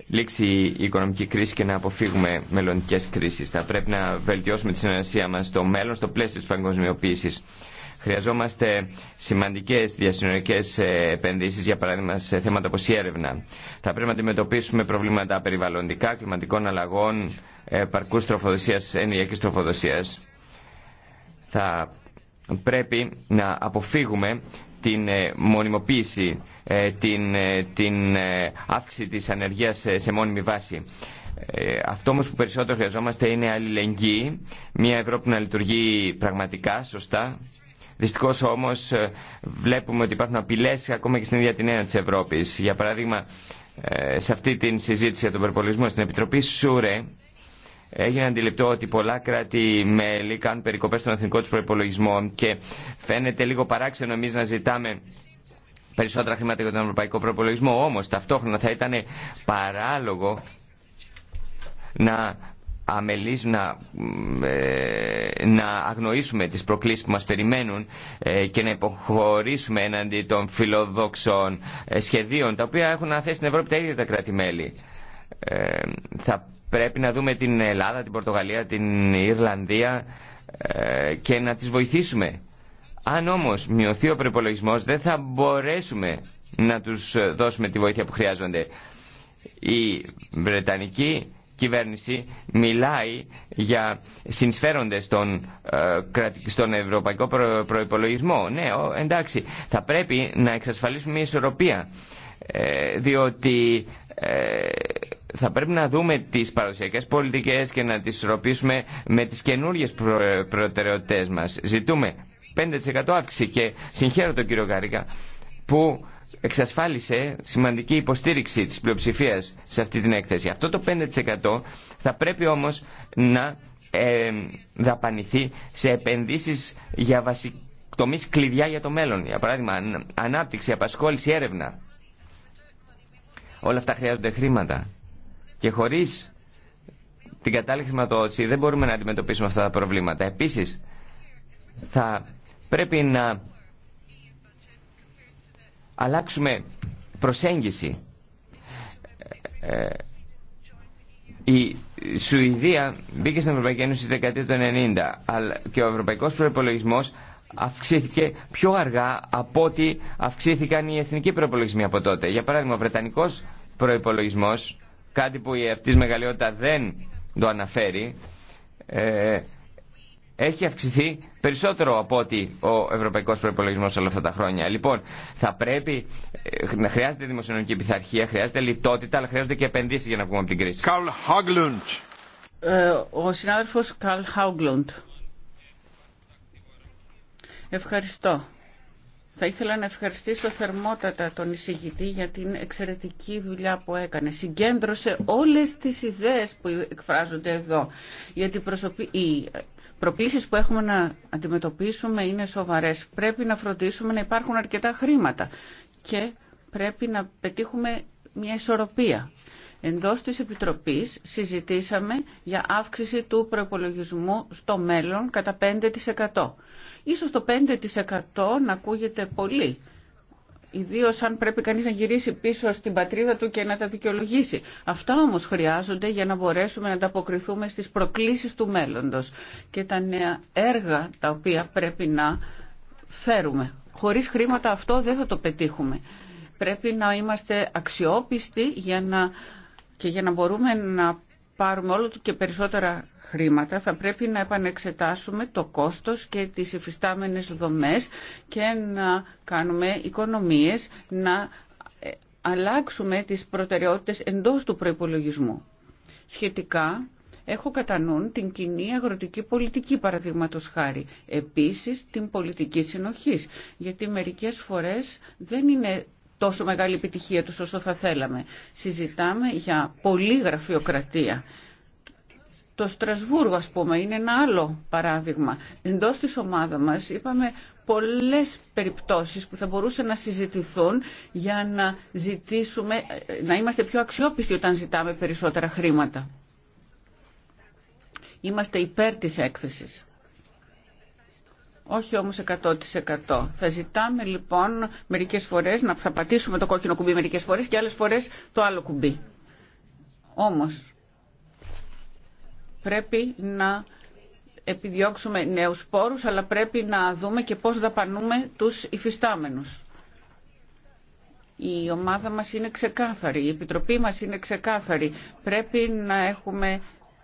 S2: λήξει η οικονομική κρίση και να αποφύγουμε μελλοντικέ κρίσεις. Θα πρέπει να βελτιώσουμε τη συνεργασία μας στο μέλλον, στο πλαίσιο της παγκοσμιοποίησης. Χρειαζόμαστε σημαντικές διασυνορικές ε, επενδύσεις, για παράδειγμα σε θέματα όπως η έρευνα. Θα πρέπει να αντιμετωπίσουμε προβλήματα περιβαλλοντικά, κλιματικών αλλαγών, παρκούς τροφοδοσίας, ενεργειακής τροφοδοσίας. Θα πρέπει να αποφύγουμε την ε, μονιμοποίηση, ε, την, ε, την αύξηση της ανεργίας σε μόνιμη βάση. Αυτό όμως που περισσότερο χρειαζόμαστε είναι αλληλεγγύη, μια Ευρώπη να λειτουργεί πραγματικά, σωστά. Δυστυχώς όμως βλέπουμε ότι υπάρχουν απειλές ακόμα και στην ίδια την ένα της Ευρώπης. Για παράδειγμα, σε αυτή την συζήτηση για τον περιπολισμό στην Επιτροπή ΣΟΥΡΕ, Έγινε αντιληπτό ότι πολλά κράτη-μέλη κάνουν περικοπές στον εθνικό τους προπολογισμό και φαίνεται λίγο παράξενο εμεί να ζητάμε περισσότερα χρήματα για τον ευρωπαϊκό προπολογισμό. Όμως ταυτόχρονα θα ήταν παράλογο να αμελείς να, ε, να αγνοήσουμε τις προκλήσεις που μας περιμένουν ε, και να υποχωρήσουμε εναντί των φιλοδόξων ε, σχεδίων τα οποία έχουν αναθέσει στην Ευρώπη τα ίδια τα κράτη-μέλη πρέπει να δούμε την Ελλάδα, την Πορτογαλία, την Ιρλανδία ε, και να τις βοηθήσουμε. Αν όμως μειωθεί ο προπολογισμό, δεν θα μπορέσουμε να τους δώσουμε τη βοήθεια που χρειάζονται. Η Βρετανική κυβέρνηση μιλάει για συνσφέροντες στον, ε, στον ευρωπαϊκό προϋπολογισμό. Ναι, εντάξει, θα πρέπει να εξασφαλίσουμε μια ισορροπία, ε, διότι θα πρέπει να δούμε τις παραδοσιακές πολιτικές και να τις ισορροπήσουμε με τις καινούριες προτεραιότητες μας. Ζητούμε 5% αύξηση και συγχαίρω τον κύριο Γκάρικα που εξασφάλισε σημαντική υποστήριξη της πλειοψηφίας σε αυτή την έκθεση. Αυτό το 5% θα πρέπει όμως να ε, δαπανηθεί σε επενδύσεις για βασικτομής τομείς κλειδιά για το μέλλον. Για παράδειγμα, ανάπτυξη, απασχόληση, έρευνα. Όλα αυτά χρειάζονται χρήματα. Και χωρίς την κατάλληλη χρηματοδότηση δεν μπορούμε να αντιμετωπίσουμε αυτά τα προβλήματα. Επίσης, θα πρέπει να αλλάξουμε προσέγγιση. Ε, ε, η Σουηδία μπήκε στην Ευρωπαϊκή Ένωση στη δεκαετία του 1990 και ο ευρωπαϊκός προπολογισμό αυξήθηκε πιο αργά από ότι αυξήθηκαν οι εθνικοί προπολογισμοί από τότε. Για παράδειγμα, ο Βρετανικός προπολογισμό κάτι που η αυτής μεγαλειότητα δεν το αναφέρει, ε, έχει αυξηθεί περισσότερο από ότι ο ευρωπαϊκός προπολογισμό όλα αυτά τα χρόνια. Λοιπόν, θα πρέπει, να ε, χρειάζεται δημοσιονομική πειθαρχία, χρειάζεται λιτότητα, αλλά χρειάζονται και επενδύσεις για να βγούμε από την κρίση.
S1: ε, ο συνάδελφος Καρλ Χάγκλουντ. Ευχαριστώ. Θα ήθελα να ευχαριστήσω θερμότατα τον εισηγητή για την εξαιρετική δουλειά που έκανε. Συγκέντρωσε όλες τις ιδέες που εκφράζονται εδώ. Γιατί οι προκλήσεις που έχουμε να αντιμετωπίσουμε είναι σοβαρές. Πρέπει να φροντίσουμε να υπάρχουν αρκετά χρήματα και πρέπει να πετύχουμε μια ισορροπία. Εντός της Επιτροπής συζητήσαμε για αύξηση του προπολογισμού στο μέλλον κατά 5%. Ίσως το 5% να ακούγεται πολύ. Ιδίω αν πρέπει κανεί να γυρίσει πίσω στην πατρίδα του και να τα δικαιολογήσει. Αυτά όμω χρειάζονται για να μπορέσουμε να ανταποκριθούμε στι προκλήσει του μέλλοντο και τα νέα έργα τα οποία πρέπει να φέρουμε. Χωρί χρήματα αυτό δεν θα το πετύχουμε. Πρέπει να είμαστε αξιόπιστοι και για να μπορούμε να πάρουμε όλο και περισσότερα χρήματα θα πρέπει να επανεξετάσουμε το κόστος και τις υφιστάμενες δομές και να κάνουμε οικονομίες, να ε, αλλάξουμε τις προτεραιότητες εντός του προϋπολογισμού. Σχετικά έχω κατά νου την κοινή αγροτική πολιτική παραδείγματο χάρη. Επίσης την πολιτική συνοχής, γιατί μερικές φορές δεν είναι τόσο μεγάλη επιτυχία τους όσο θα θέλαμε. Συζητάμε για πολλή γραφειοκρατία το Στρασβούργο, ας πούμε, είναι ένα άλλο παράδειγμα. Εντός της ομάδα μας είπαμε πολλές περιπτώσεις που θα μπορούσε να συζητηθούν για να ζητήσουμε, να είμαστε πιο αξιόπιστοι όταν ζητάμε περισσότερα χρήματα. Είμαστε υπέρ της έκθεσης. Όχι όμως 100%. Θα ζητάμε λοιπόν μερικές φορές να θα πατήσουμε το κόκκινο κουμπί μερικές φορές και άλλες φορές το άλλο κουμπί. Όμως Πρέπει να επιδιώξουμε νέους πόρους, αλλά πρέπει να δούμε και πώς δαπανούμε τους υφιστάμενους. Η ομάδα μας είναι ξεκάθαρη, η Επιτροπή μας είναι ξεκάθαρη. Πρέπει να έχουμε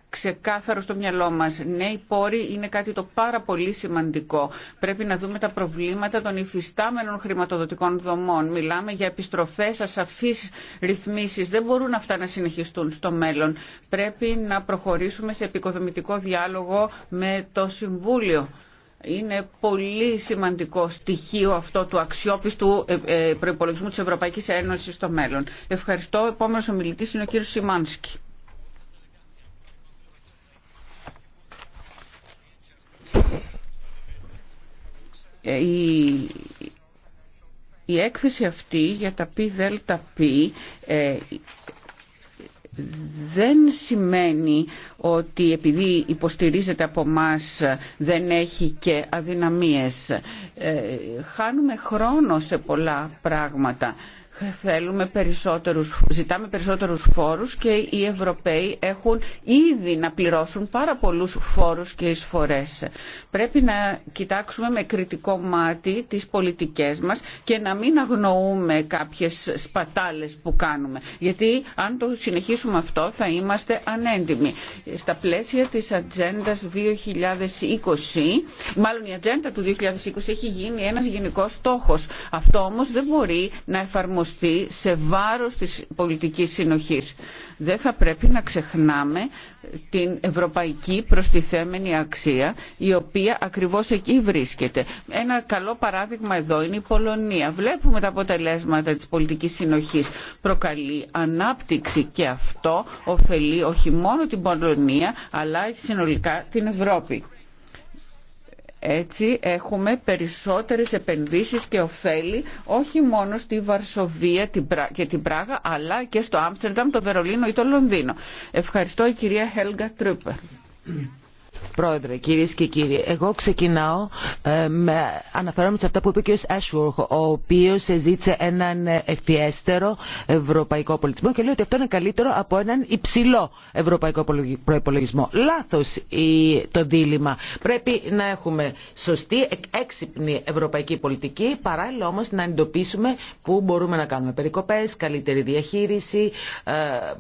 S1: ξεκάθαρο στο μυαλό μα. Ναι, οι πόροι είναι κάτι το πάρα πολύ σημαντικό. Πρέπει να δούμε τα προβλήματα των υφιστάμενων χρηματοδοτικών δομών. Μιλάμε για επιστροφές, ασαφεί ρυθμίσει. Δεν μπορούν αυτά να συνεχιστούν στο μέλλον. Πρέπει να προχωρήσουμε σε επικοδομητικό διάλογο με το Συμβούλιο. Είναι πολύ σημαντικό στοιχείο αυτό του αξιόπιστου ε, ε, προπολογισμού της Ευρωπαϊκής Ένωσης στο μέλλον. Ευχαριστώ. Επόμενος ομιλητής είναι ο κύριο Σιμάνσκι. Ε, η, η έκθεση αυτή για τα πι δέλτα πι ε, δεν σημαίνει ότι επειδή υποστηρίζεται από μας δεν έχει και αδυναμίες. Ε, χάνουμε χρόνο σε πολλά πράγματα θέλουμε περισσότερους, ζητάμε περισσότερους φόρους και οι Ευρωπαίοι έχουν ήδη να πληρώσουν πάρα πολλούς φόρους και εισφορές. Πρέπει να κοιτάξουμε με κριτικό μάτι τις πολιτικές μας και να μην αγνοούμε κάποιες σπατάλες που κάνουμε. Γιατί αν το συνεχίσουμε αυτό θα είμαστε ανέντιμοι. Στα πλαίσια της Ατζέντα 2020, μάλλον η Ατζέντα του 2020 έχει γίνει ένας γενικός στόχος. Αυτό όμως δεν μπορεί να εφαρμοστεί σε βάρος της πολιτικής συνοχής. Δεν θα πρέπει να ξεχνάμε την ευρωπαϊκή προστιθέμενη αξία η οποία ακριβώς εκεί βρίσκεται. Ένα καλό παράδειγμα εδώ είναι η Πολωνία. Βλέπουμε τα αποτελέσματα της πολιτικής συνοχής. Προκαλεί ανάπτυξη και αυτό ωφελεί όχι μόνο την Πολωνία αλλά συνολικά την Ευρώπη. Έτσι έχουμε περισσότερες επενδύσεις και ωφέλη όχι μόνο στη Βαρσοβία και την Πράγα αλλά και στο Άμστερνταμ, το Βερολίνο ή το Λονδίνο. Ευχαριστώ η κυρία Χέλγα Τρούπερ.
S3: Πρόεδρε, κυρίε και κύριοι, εγώ ξεκινάω ε, με, αναφέρομαι σε αυτά που είπε ο κ. ο οποίο ζήτησε έναν ευφιέστερο ευρωπαϊκό πολιτισμό και λέει ότι αυτό είναι καλύτερο από έναν υψηλό ευρωπαϊκό προπολογισμό. Λάθο το δίλημα. Πρέπει να έχουμε σωστή, έξυπνη ευρωπαϊκή πολιτική, παράλληλα όμω να εντοπίσουμε πού μπορούμε να κάνουμε περικοπέ, καλύτερη διαχείριση, ε,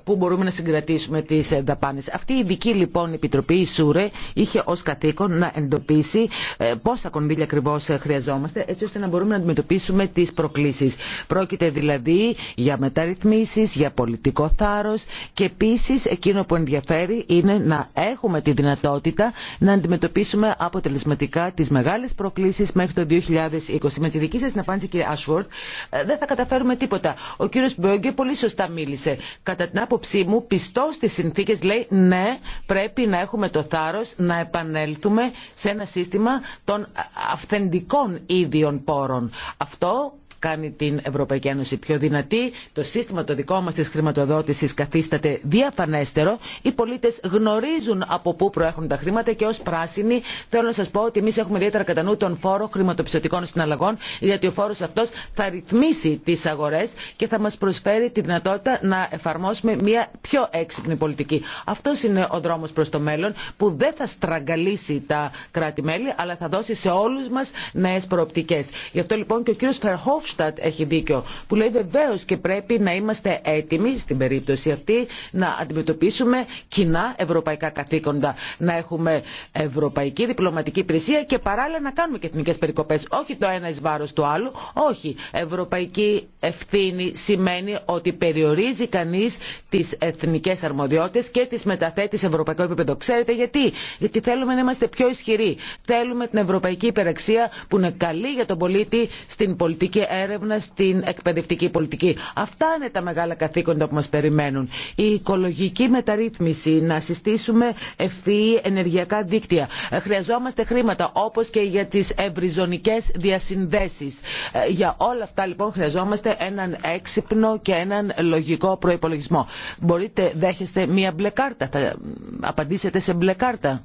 S3: πού μπορούμε να συγκρατήσουμε τι δαπάνε. Αυτή η ειδική λοιπόν επιτροπή, η ΣΟΥΡΕ, είχε ως καθήκον να εντοπίσει ε, πόσα κονδύλια ακριβώ ε, χρειαζόμαστε έτσι ώστε να μπορούμε να αντιμετωπίσουμε τις προκλήσεις. Πρόκειται δηλαδή για μεταρρυθμίσεις, για πολιτικό θάρρος και επίση εκείνο που ενδιαφέρει είναι να έχουμε τη δυνατότητα να αντιμετωπίσουμε αποτελεσματικά τις μεγάλες προκλήσεις μέχρι το 2020. Με τη δική σας την απάντηση κύριε Ashworth ε, δεν θα καταφέρουμε τίποτα. Ο κύριος Μπέγκε πολύ σωστά μίλησε. Κατά την άποψή μου πιστό στις συνθήκες λέει ναι πρέπει να έχουμε το θάρρος να επανέλθουμε σε ένα σύστημα των αυθεντικών ίδιων πόρων. Αυτό κάνει την Ευρωπαϊκή Ένωση πιο δυνατή. Το σύστημα το δικό μας της χρηματοδότησης καθίσταται διαφανέστερο. Οι πολίτες γνωρίζουν από πού προέρχονται τα χρήματα και ως πράσινοι θέλω να σας πω ότι εμείς έχουμε ιδιαίτερα κατά νου τον φόρο χρηματοπιστωτικών συναλλαγών γιατί ο φόρος αυτός θα ρυθμίσει τις αγορές και θα μας προσφέρει τη δυνατότητα να εφαρμόσουμε μια πιο έξυπνη πολιτική. Αυτό είναι ο δρόμος προς το μέλλον που δεν θα στραγγαλίσει τα κράτη-μέλη αλλά θα δώσει σε όλους μας νέες προοπτικές. Γι' αυτό λοιπόν και ο κύριος Φερχόφ στατ έχει δίκιο, που λέει βεβαίω και πρέπει να είμαστε έτοιμοι στην περίπτωση αυτή να αντιμετωπίσουμε κοινά ευρωπαϊκά καθήκοντα. Να έχουμε ευρωπαϊκή διπλωματική υπηρεσία και παράλληλα να κάνουμε και εθνικέ περικοπέ. Όχι το ένα ει βάρο του άλλου. Όχι. Ευρωπαϊκή ευθύνη σημαίνει ότι περιορίζει κανεί τι εθνικέ αρμοδιότητε και τι μεταθέτει σε ευρωπαϊκό επίπεδο. Ξέρετε γιατί. Γιατί θέλουμε να είμαστε πιο ισχυροί. Θέλουμε την ευρωπαϊκή υπεραξία που είναι καλή για τον πολίτη στην πολιτική έρευνα στην εκπαιδευτική πολιτική. Αυτά είναι τα μεγάλα καθήκοντα που μας περιμένουν. Η οικολογική μεταρρύθμιση, να συστήσουμε ευφυή ενεργειακά δίκτυα. Ε, χρειαζόμαστε χρήματα όπως και για τις ευρυζωνικές διασυνδέσεις. Ε, για όλα αυτά λοιπόν χρειαζόμαστε έναν έξυπνο και έναν λογικό προϋπολογισμό. Μπορείτε, δέχεστε μία μπλε κάρτα, θα απαντήσετε σε μπλε κάρτα.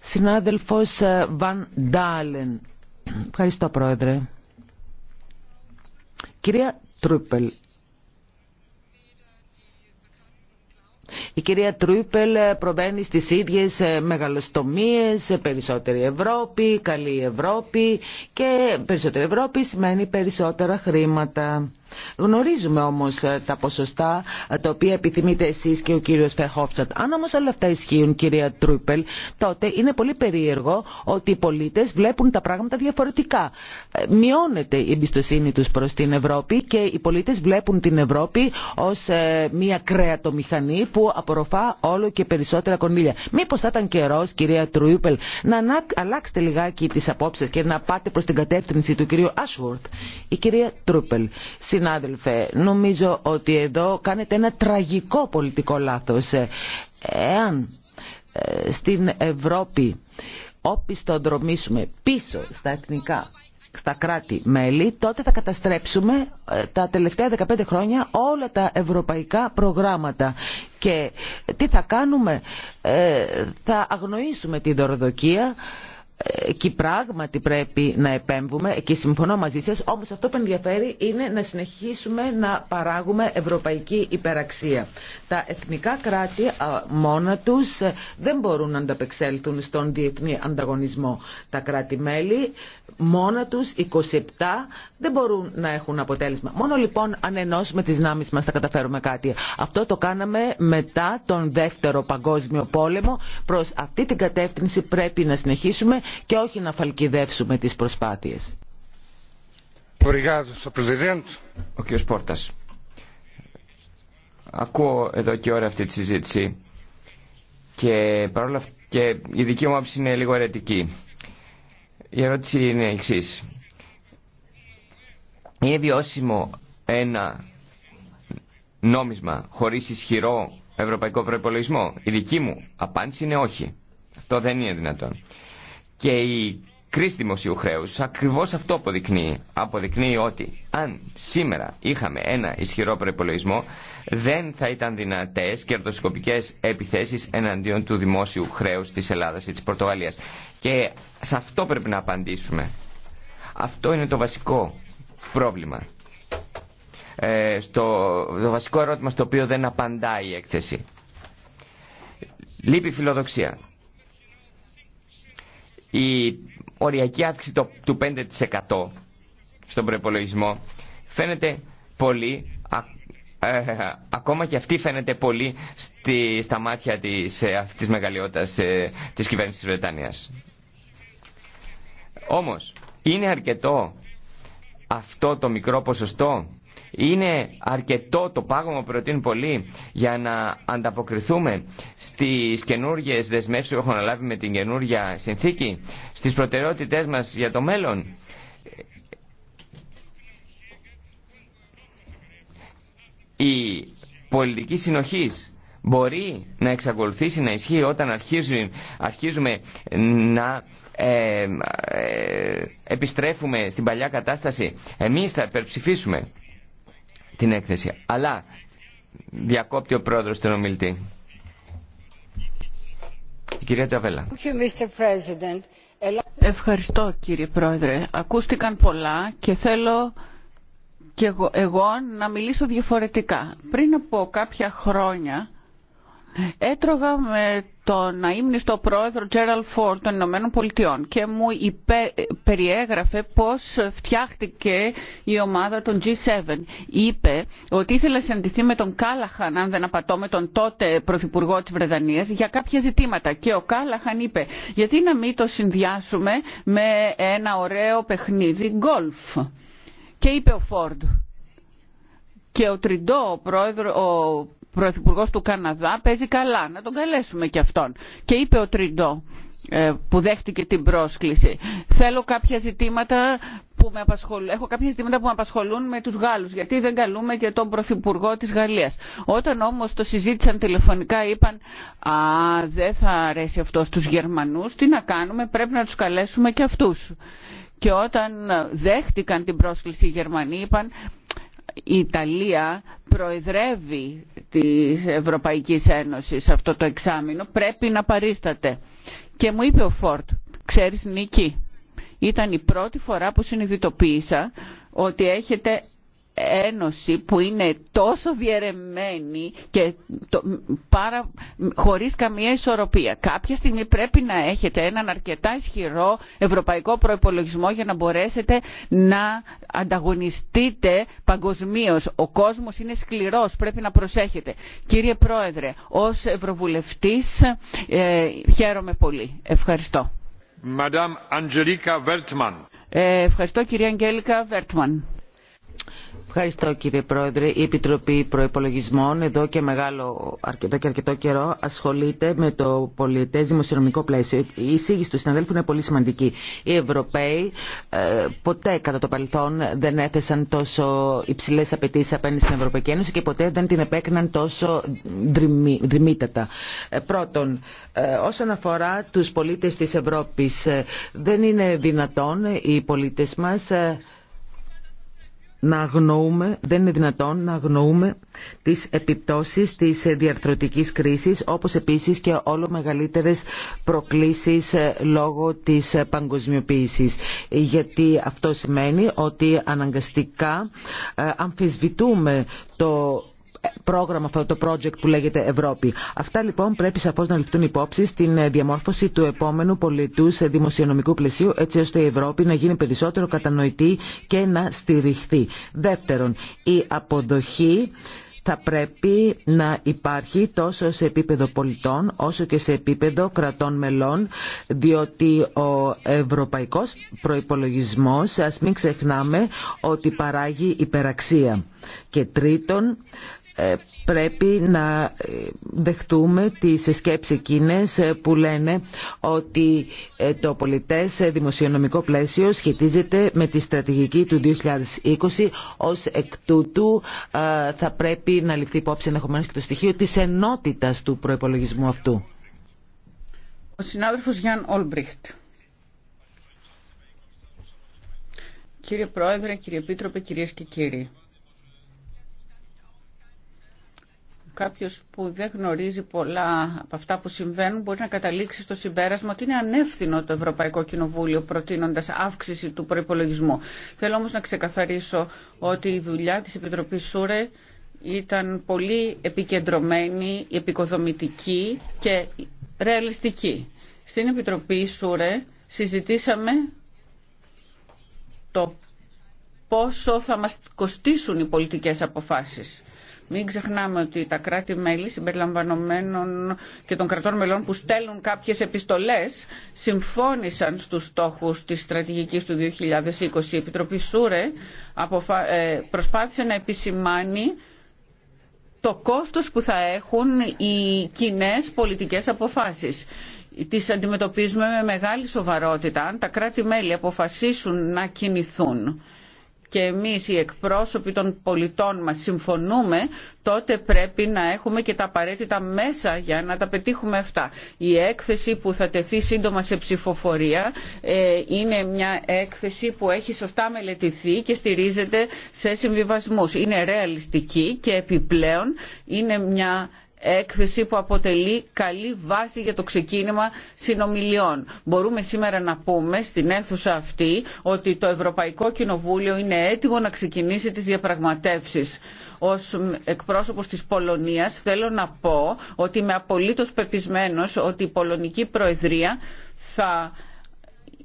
S3: Συνάδελφος ε, Βαν Ντάλεν. Ευχαριστώ πρόεδρε. Κυρία Τρούπελ, Η κυρία Τρούπελ προβαίνει στις ίδιες ε, μεγαλοστομίες, περισσότερη Ευρώπη, καλή Ευρώπη και περισσότερη Ευρώπη σημαίνει περισσότερα χρήματα. Γνωρίζουμε όμως ε, τα ποσοστά ε, τα οποία επιθυμείτε εσείς και ο κύριος Φερχόφτσατ. Αν όμως όλα αυτά ισχύουν κυρία Τρούπελ, τότε είναι πολύ περίεργο ότι οι πολίτες βλέπουν τα πράγματα διαφορετικά. Ε, μειώνεται η εμπιστοσύνη τους προς την Ευρώπη και οι πολίτες βλέπουν την Ευρώπη ως μια κρέατομηχανή που απορροφά όλο και περισσότερα κονδύλια. Μήπως θα ήταν καιρός κυρία Τρούπελ να αλλάξετε λιγάκι τις απόψεις και να πάτε προ την κατεύθυνση του κυρίου Ashworth. Η κυρία Τρούπελ, συνάδελφε, νομίζω ότι εδώ κάνετε ένα τραγικό πολιτικό λάθος. Ε, εάν ε, στην Ευρώπη όπιστο δρομήσουμε πίσω στα εθνικά στα κράτη-μέλη, τότε θα καταστρέψουμε ε, τα τελευταία 15 χρόνια όλα τα ευρωπαϊκά προγράμματα. Και τι θα κάνουμε, θα αγνοήσουμε τη δωροδοκία Εκεί πράγματι πρέπει να επέμβουμε, εκεί συμφωνώ μαζί σας, όμως αυτό που ενδιαφέρει είναι να συνεχίσουμε να παράγουμε ευρωπαϊκή υπεραξία. Τα εθνικά κράτη μόνα τους ε, δεν μπορούν να ανταπεξέλθουν στον διεθνή ανταγωνισμό. Τα κράτη-μέλη μόνα τους, 27, δεν μπορούν να έχουν αποτέλεσμα. Μόνο λοιπόν αν ενώσουμε τις δυνάμεις μας θα καταφέρουμε κάτι. Αυτό το κάναμε μετά τον Δεύτερο Παγκόσμιο Πόλεμο. Προς αυτή την κατεύθυνση πρέπει να συνεχίσουμε και όχι να φαλκιδεύσουμε
S2: τις προσπάθειες. Ο κ. Πόρτας. Ακούω εδώ και ώρα αυτή τη συζήτηση και, παρόλα, και η δική μου άποψη είναι λίγο αιρετική. Η ερώτηση είναι εξή. Είναι βιώσιμο ένα νόμισμα χωρίς ισχυρό ευρωπαϊκό προπολογισμό. Η δική μου απάντηση είναι όχι. Αυτό δεν είναι δυνατόν και η κρίση δημοσίου χρέου ακριβώς αυτό αποδεικνύει. Αποδεικνύει ότι αν σήμερα είχαμε ένα ισχυρό προπολογισμό, δεν θα ήταν δυνατές κερδοσκοπικές επιθέσεις εναντίον του δημόσιου χρέους της Ελλάδας ή της Πορτογαλίας. Και σε αυτό πρέπει να απαντήσουμε. Αυτό είναι το βασικό πρόβλημα. Ε, στο, το βασικό ερώτημα στο οποίο δεν απαντάει η έκθεση. Λείπει φιλοδοξία η οριακή αύξηση του 5% στον προπολογισμό φαίνεται πολύ, ε, ακόμα και αυτή φαίνεται πολύ στη, στα μάτια της, ε, της μεγαλειότητας ε, της κυβέρνησης της Βρετανίας. Όμως, είναι αρκετό αυτό το μικρό ποσοστό είναι αρκετό το πάγωμα που προτείνουν πολλοί για να ανταποκριθούμε στις καινούργιε δεσμεύσεις που έχουν αναλάβει με την καινούργια συνθήκη, στις προτεραιότητές μας για το μέλλον. Η πολιτική συνοχής μπορεί να εξακολουθήσει να ισχύει όταν αρχίζουμε, αρχίζουμε να ε, ε, επιστρέφουμε στην παλιά κατάσταση. Εμείς θα υπερψηφίσουμε την έκθεση. Αλλά διακόπτει ο πρόεδρος τον ομιλητή. Η κυρία Τζαβέλα.
S1: Ευχαριστώ κύριε Πρόεδρε. Ακούστηκαν πολλά και θέλω και εγώ, εγώ να μιλήσω διαφορετικά. Πριν από κάποια χρόνια έτρωγα με τον αείμνηστο πρόεδρο Τζέραλ Ford των Ηνωμένων Πολιτειών και μου υπε... περιέγραφε πώς φτιάχτηκε η ομάδα των G7. Είπε ότι ήθελε να συναντηθεί με τον Κάλαχαν, αν δεν απατώ, με τον τότε πρωθυπουργό της Βρετανίας, για κάποια ζητήματα. Και ο Κάλαχαν είπε, γιατί να μην το συνδυάσουμε με ένα ωραίο παιχνίδι γκολφ. Και είπε ο Φόρντ. Και ο Τριντό, ο, πρόεδρο, Πρωθυπουργό του Καναδά παίζει καλά, να τον καλέσουμε και αυτόν. Και είπε ο Τριντό ε, που δέχτηκε την πρόσκληση. Θέλω κάποια ζητήματα που με απασχολούν, έχω κάποια ζητήματα που με απασχολούν με τους Γάλλους, γιατί δεν καλούμε και τον Πρωθυπουργό της Γαλλίας. Όταν όμως το συζήτησαν τηλεφωνικά είπαν «Α, δεν θα αρέσει αυτό στους Γερμανούς, τι να κάνουμε, πρέπει να τους καλέσουμε και αυτούς». Και όταν δέχτηκαν την πρόσκληση οι Γερμανοί είπαν η Ιταλία προεδρεύει της Ευρωπαϊκής Ένωσης αυτό το εξάμεινο, πρέπει να παρίσταται. Και μου είπε ο Φόρτ, ξέρεις Νίκη, ήταν η πρώτη φορά που συνειδητοποίησα ότι έχετε Ένωση που είναι τόσο διαιρεμένη και πάρα, χωρίς καμία ισορροπία. Κάποια στιγμή πρέπει να έχετε έναν αρκετά ισχυρό ευρωπαϊκό προϋπολογισμό για να μπορέσετε να ανταγωνιστείτε παγκοσμίω. Ο κόσμος είναι σκληρός, πρέπει να προσέχετε. Κύριε Πρόεδρε, ως Ευρωβουλευτής ε, χαίρομαι πολύ. Ευχαριστώ. Ε, ευχαριστώ κυρία Αγγέλικα Βέρτμαν. Ευχαριστώ κύριε
S3: Πρόεδρε. Η Επιτροπή Προπολογισμών εδώ και μεγάλο αρκετό και αρκετό καιρό ασχολείται με το πολιτές δημοσιονομικό πλαίσιο. Η εισήγηση του συναδέλφου είναι πολύ σημαντική. Οι Ευρωπαίοι ε, ποτέ κατά το παρελθόν δεν έθεσαν τόσο υψηλέ απαιτήσει απέναντι στην Ευρωπαϊκή Ένωση και ποτέ δεν την επέκριναν τόσο δρυμή, δρυμύτατα. Ε, πρώτον, ε, όσον αφορά του πολίτε τη Ευρώπη, ε, δεν είναι δυνατόν οι πολίτε μα να αγνοούμε, δεν είναι δυνατόν να αγνοούμε τις επιπτώσεις της διαρθρωτικής κρίσης όπως επίσης και όλο μεγαλύτερες προκλήσεις ε, λόγω της ε, παγκοσμιοποίησης γιατί αυτό σημαίνει ότι αναγκαστικά ε, αμφισβητούμε το πρόγραμμα, αυτό το project που λέγεται Ευρώπη. Αυτά λοιπόν πρέπει σαφώ να ληφθούν υπόψη στην ε, διαμόρφωση του επόμενου πολιτού σε δημοσιονομικού πλαισίου έτσι ώστε η Ευρώπη να γίνει περισσότερο κατανοητή και να στηριχθεί. Δεύτερον, η αποδοχή θα πρέπει να υπάρχει τόσο σε επίπεδο πολιτών όσο και σε επίπεδο κρατών μελών διότι ο ευρωπαϊκός προϋπολογισμός ας μην ξεχνάμε ότι παράγει υπεραξία. Και τρίτον ε, πρέπει να ε, δεχτούμε τις σκέψεις εκείνες ε, που λένε ότι το πολιτές δημοσιονομικό πλαίσιο σχετίζεται με τη στρατηγική του 2020 ως εκ τούτου θα πρέπει να ληφθεί υπόψη ενδεχομένω και το στοιχείο της ενότητας του προϋπολογισμού αυτού.
S1: Ο συνάδελφος Γιάνν Ολμπριχτ. Κύριε Πρόεδρε, κύριε Επίτροπε, κυρίες και κύριοι. κάποιος που δεν γνωρίζει πολλά από αυτά που συμβαίνουν μπορεί να καταλήξει στο συμπέρασμα ότι είναι ανεύθυνο το Ευρωπαϊκό Κοινοβούλιο προτείνοντας αύξηση του προϋπολογισμού. Θέλω όμως να ξεκαθαρίσω ότι η δουλειά της Επιτροπής ΣΟΥΡΕ ήταν πολύ επικεντρωμένη, επικοδομητική και ρεαλιστική. Στην Επιτροπή ΣΟΥΡΕ συζητήσαμε το πόσο θα μας κοστίσουν οι πολιτικές αποφάσεις μην ξεχνάμε ότι τα κράτη-μέλη συμπεριλαμβανομένων και των κρατών μελών που στέλνουν κάποιες επιστολές συμφώνησαν στους στόχους της στρατηγικής του 2020. Η Επιτροπή Σούρε ε, προσπάθησε να επισημάνει το κόστος που θα έχουν οι κοινέ πολιτικές αποφάσεις. Τις αντιμετωπίζουμε με μεγάλη σοβαρότητα αν τα κράτη-μέλη αποφασίσουν να κινηθούν και εμείς οι εκπρόσωποι των πολιτών μας συμφωνούμε, τότε πρέπει να έχουμε και τα απαραίτητα μέσα για να τα πετύχουμε αυτά. Η έκθεση που θα τεθεί σύντομα σε ψηφοφορία ε, είναι μια έκθεση που έχει σωστά μελετηθεί και στηρίζεται σε συμβιβασμούς. Είναι ρεαλιστική και επιπλέον είναι μια έκθεση που αποτελεί καλή βάση για το ξεκίνημα συνομιλιών. Μπορούμε σήμερα να πούμε στην αίθουσα αυτή ότι το Ευρωπαϊκό Κοινοβούλιο είναι έτοιμο να ξεκινήσει τις διαπραγματεύσεις ως εκπρόσωπος της Πολωνίας θέλω να πω ότι είμαι απολύτως πεπισμένος ότι η Πολωνική Προεδρία θα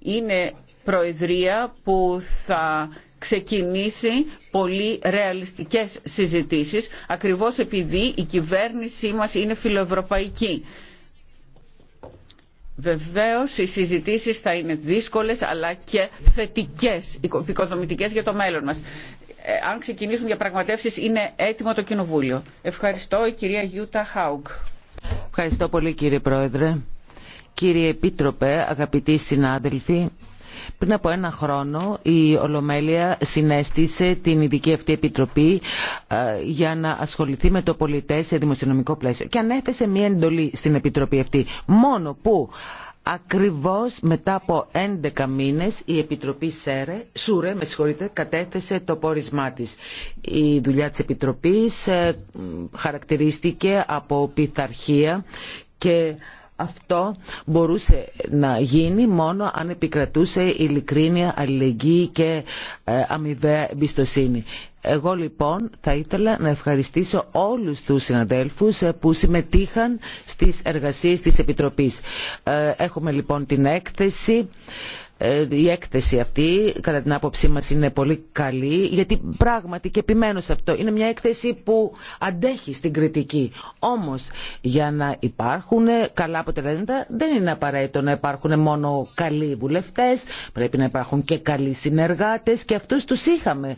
S1: είναι Προεδρία που θα ξεκινήσει πολύ ρεαλιστικές συζητήσεις ακριβώς επειδή η κυβέρνησή μας είναι φιλοευρωπαϊκή. Βεβαίως οι συζητήσεις θα είναι δύσκολες αλλά και θετικές, οικοδομητικές για το μέλλον μας. Ε, αν ξεκινήσουν πραγματεύσεις, είναι έτοιμο το Κοινοβούλιο. Ευχαριστώ η κυρία Γιούτα Χάουγκ. Ευχαριστώ πολύ
S3: κύριε Πρόεδρε. Κύριε Επίτροπε, αγαπητοί συνάδελφοι, πριν από ένα χρόνο η Ολομέλεια συνέστησε την ειδική αυτή επιτροπή ε, για να ασχοληθεί με το πολιτέ σε δημοσιονομικό πλαίσιο και ανέθεσε μία εντολή στην επιτροπή αυτή. Μόνο που Ακριβώς μετά από 11 μήνες η Επιτροπή ΣΕΡΕ, ΣΟΥΡΕ με συγχωρείτε, κατέθεσε το πόρισμά της. Η δουλειά της Επιτροπής ε, χαρακτηρίστηκε από πειθαρχία και αυτό μπορούσε να γίνει μόνο αν επικρατούσε ειλικρίνεια, αλληλεγγύη και ε, αμοιβαία εμπιστοσύνη. Εγώ λοιπόν θα ήθελα να ευχαριστήσω όλους τους συναδέλφους ε, που συμμετείχαν στις εργασίες της Επιτροπής. Ε, έχουμε λοιπόν την έκθεση. Ε, η έκθεση αυτή κατά την άποψή μας είναι πολύ καλή γιατί πράγματι και επιμένω σε αυτό είναι μια έκθεση που αντέχει στην κριτική. Όμως για να υπάρχουν καλά αποτελέσματα δεν είναι απαραίτητο να υπάρχουν μόνο καλοί βουλευτές πρέπει να υπάρχουν και καλοί συνεργάτες και αυτούς τους είχαμε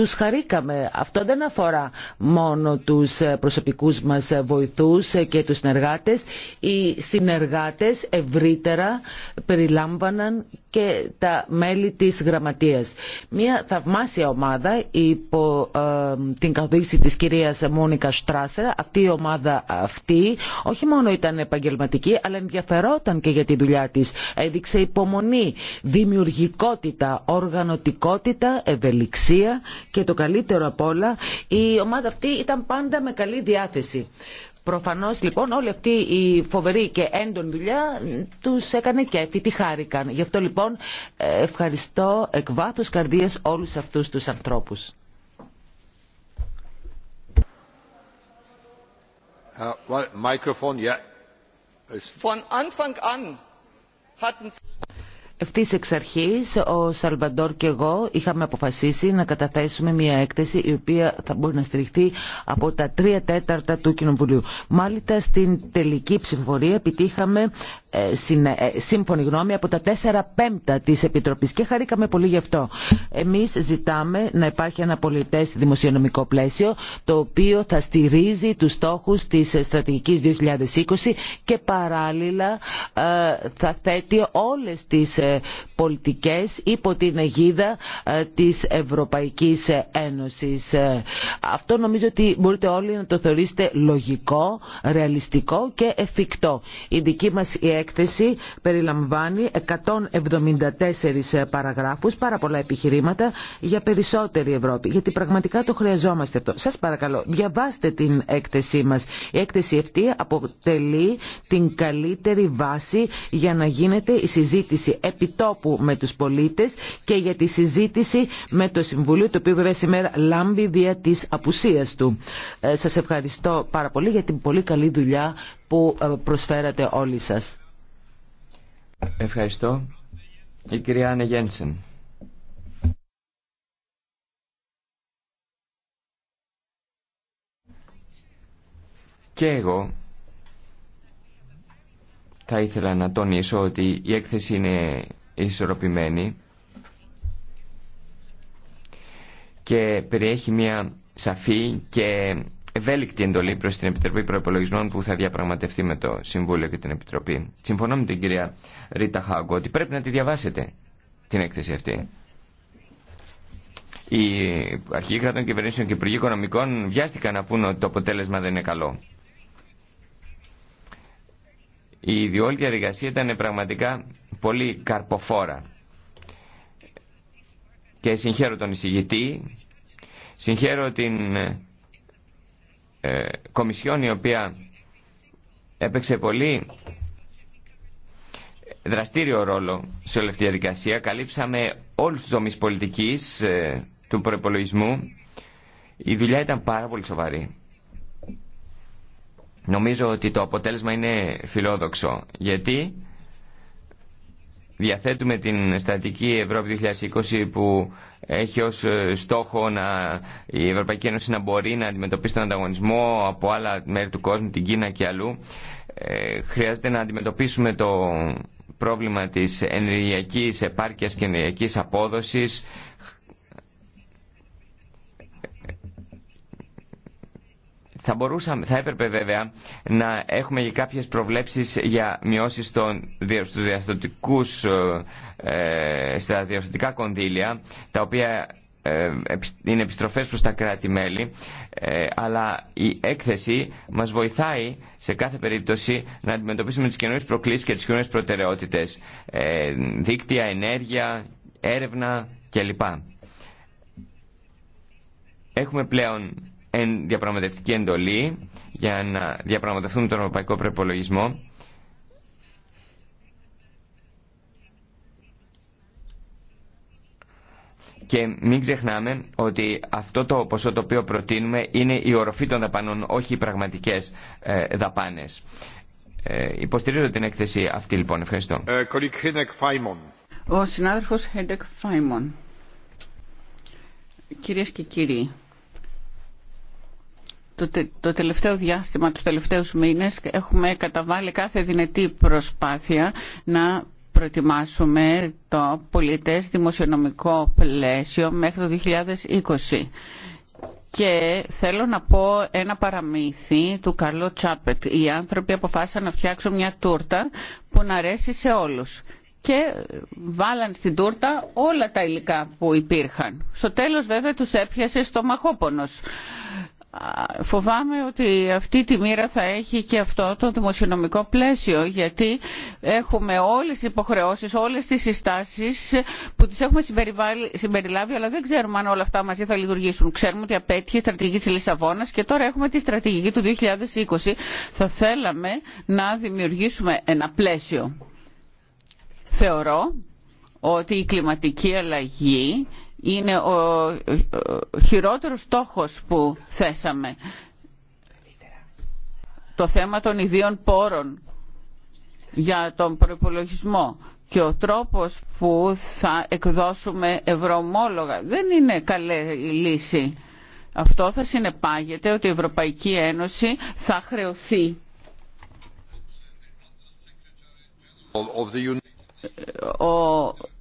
S3: τους χαρήκαμε. Αυτό δεν αφορά μόνο τους ε, προσωπικούς μας ε, βοηθούς ε, και τους συνεργάτες. Οι συνεργάτες ευρύτερα περιλάμβαναν και τα μέλη της γραμματείας. Μία θαυμάσια ομάδα υπό την καθοδήγηση της κυρίας Μόνικα Στράσερα. Αυτή η ομάδα αυτή όχι μόνο ήταν επαγγελματική αλλά ενδιαφερόταν και για τη δουλειά της. Έδειξε υπομονή, δημιουργικότητα, οργανωτικότητα, ευελιξία και το καλύτερο απ' όλα, η ομάδα αυτή ήταν πάντα με καλή διάθεση. Προφανώ λοιπόν όλη αυτή η φοβερή και έντονη δουλειά του έκανε και τη χάρηκαν. Γι' αυτό λοιπόν ευχαριστώ εκ βάθου καρδία όλου αυτού του ανθρώπου.
S2: Uh, Von Anfang an hatten
S3: Ευθύ εξ αρχή, ο Σαλβαντόρ και εγώ είχαμε αποφασίσει να καταθέσουμε μια έκθεση η οποία θα μπορεί να στηριχθεί από τα τρία τέταρτα του Κοινοβουλίου. Μάλιστα, στην τελική ψηφοφορία επιτύχαμε ε, ε, σύμφωνη γνώμη από τα τέσσερα πέμπτα τη Επιτροπή και χαρήκαμε πολύ γι' αυτό. Εμεί ζητάμε να υπάρχει ένα πολιτέ δημοσιονομικό πλαίσιο το οποίο θα στηρίζει του στόχου τη στρατηγική 2020 και παράλληλα ε, θα θέτει όλε τι πολιτικές υπό την αιγίδα ε, της Ευρωπαϊκής Ένωσης. Ε, αυτό νομίζω ότι μπορείτε όλοι να το θεωρήσετε λογικό, ρεαλιστικό και εφικτό. Η δική μας η έκθεση περιλαμβάνει 174 παραγράφους, πάρα πολλά επιχειρήματα για περισσότερη Ευρώπη, γιατί πραγματικά το χρειαζόμαστε αυτό. Σας παρακαλώ, διαβάστε την έκθεσή μας. Η έκθεση αυτή αποτελεί την καλύτερη βάση για να γίνεται η συζήτηση επιτόπου με τους πολίτες και για τη συζήτηση με το Συμβουλίο, το οποίο βέβαια σήμερα λάμπει δια της απουσίας του. Ε, σας ευχαριστώ πάρα πολύ για την πολύ καλή δουλειά που ε,
S2: προσφέρατε όλοι σας. Ευχαριστώ. Η κυρία Άννε Και εγώ θα ήθελα να τονίσω ότι η έκθεση είναι ισορροπημένη και περιέχει μια σαφή και ευέλικτη εντολή προς την Επιτροπή Προεπολογισμών που θα διαπραγματευτεί με το Συμβούλιο και την Επιτροπή. Συμφωνώ με την κυρία Ρίτα Χάγκο ότι πρέπει να τη διαβάσετε την έκθεση αυτή. Οι αρχηγοί κρατών κυβερνήσεων και υπουργοί οικονομικών βιάστηκαν να πούν ότι το αποτέλεσμα δεν είναι καλό. Η όλη διαδικασία ήταν πραγματικά πολύ καρποφόρα. Και συγχαίρω τον εισηγητή, συγχαίρω την ε, Κομισιόν η οποία έπαιξε πολύ δραστήριο ρόλο σε όλη αυτή τη διαδικασία. Καλύψαμε όλους τους δομείς πολιτικής ε, του προπολογισμού. Η δουλειά ήταν πάρα πολύ σοβαρή. Νομίζω ότι το αποτέλεσμα είναι φιλόδοξο, γιατί διαθέτουμε την στατική Ευρώπη 2020 που έχει ως ε, στόχο να, η Ευρωπαϊκή Ένωση να μπορεί να αντιμετωπίσει τον ανταγωνισμό από άλλα μέρη του κόσμου, την Κίνα και αλλού. Ε, χρειάζεται να αντιμετωπίσουμε το πρόβλημα της ενεργειακής επάρκειας και ενεργειακής απόδοσης. Θα, μπορούσαμε, θα έπρεπε βέβαια να έχουμε και κάποιες προβλέψεις για μειώσεις ε, ε, στα διαστατικά κονδύλια, τα οποία ε, είναι επιστροφές προς τα κράτη-μέλη, ε, αλλά η έκθεση μας βοηθάει σε κάθε περίπτωση να αντιμετωπίσουμε τις καινούριες προκλήσεις και τις καινούριες προτεραιότητες, δίκτυα, ενέργεια, έρευνα κλπ. Έχουμε πλέον εν, διαπραγματευτική εντολή για να διαπραγματευτούν τον ευρωπαϊκό προπολογισμό. Και μην ξεχνάμε ότι αυτό το ποσό το οποίο προτείνουμε είναι η οροφή των δαπανών, όχι οι πραγματικές ε, δαπάνες. Ε, υποστηρίζω την έκθεση αυτή λοιπόν. Ευχαριστώ. Ε,
S1: Ο συνάδελφος Χέντεκ Φάιμον. Κυρίες και κύριοι, το, το τελευταίο διάστημα, τους τελευταίους μήνες, έχουμε καταβάλει κάθε δυνατή προσπάθεια να προετοιμάσουμε το πολιτές δημοσιονομικό πλαίσιο μέχρι το 2020. Και θέλω να πω ένα παραμύθι του Καρλό Τσάπετ. Οι άνθρωποι αποφάσισαν να φτιάξουν μια τούρτα που να αρέσει σε όλους. Και βάλαν στην τούρτα όλα τα υλικά που υπήρχαν. Στο τέλος βέβαια τους έπιασε στο μαχόπονος φοβάμαι ότι αυτή τη μοίρα θα έχει και αυτό το δημοσιονομικό πλαίσιο γιατί έχουμε όλες τις υποχρεώσεις, όλες τις συστάσεις που τις έχουμε συμπεριλάβει αλλά δεν ξέρουμε αν όλα αυτά μαζί θα λειτουργήσουν. Ξέρουμε ότι απέτυχε η στρατηγική της Λισαβόνας και τώρα έχουμε τη στρατηγική του 2020. Θα θέλαμε να δημιουργήσουμε ένα πλαίσιο. Θεωρώ ότι η κλιματική αλλαγή είναι ο χειρότερος στόχος που θέσαμε. Το θέμα των ιδίων πόρων για τον προπολογισμό και ο τρόπος που θα εκδώσουμε ευρωομόλογα δεν είναι καλή λύση. Αυτό θα συνεπάγεται ότι η Ευρωπαϊκή Ένωση θα χρεωθεί. Ο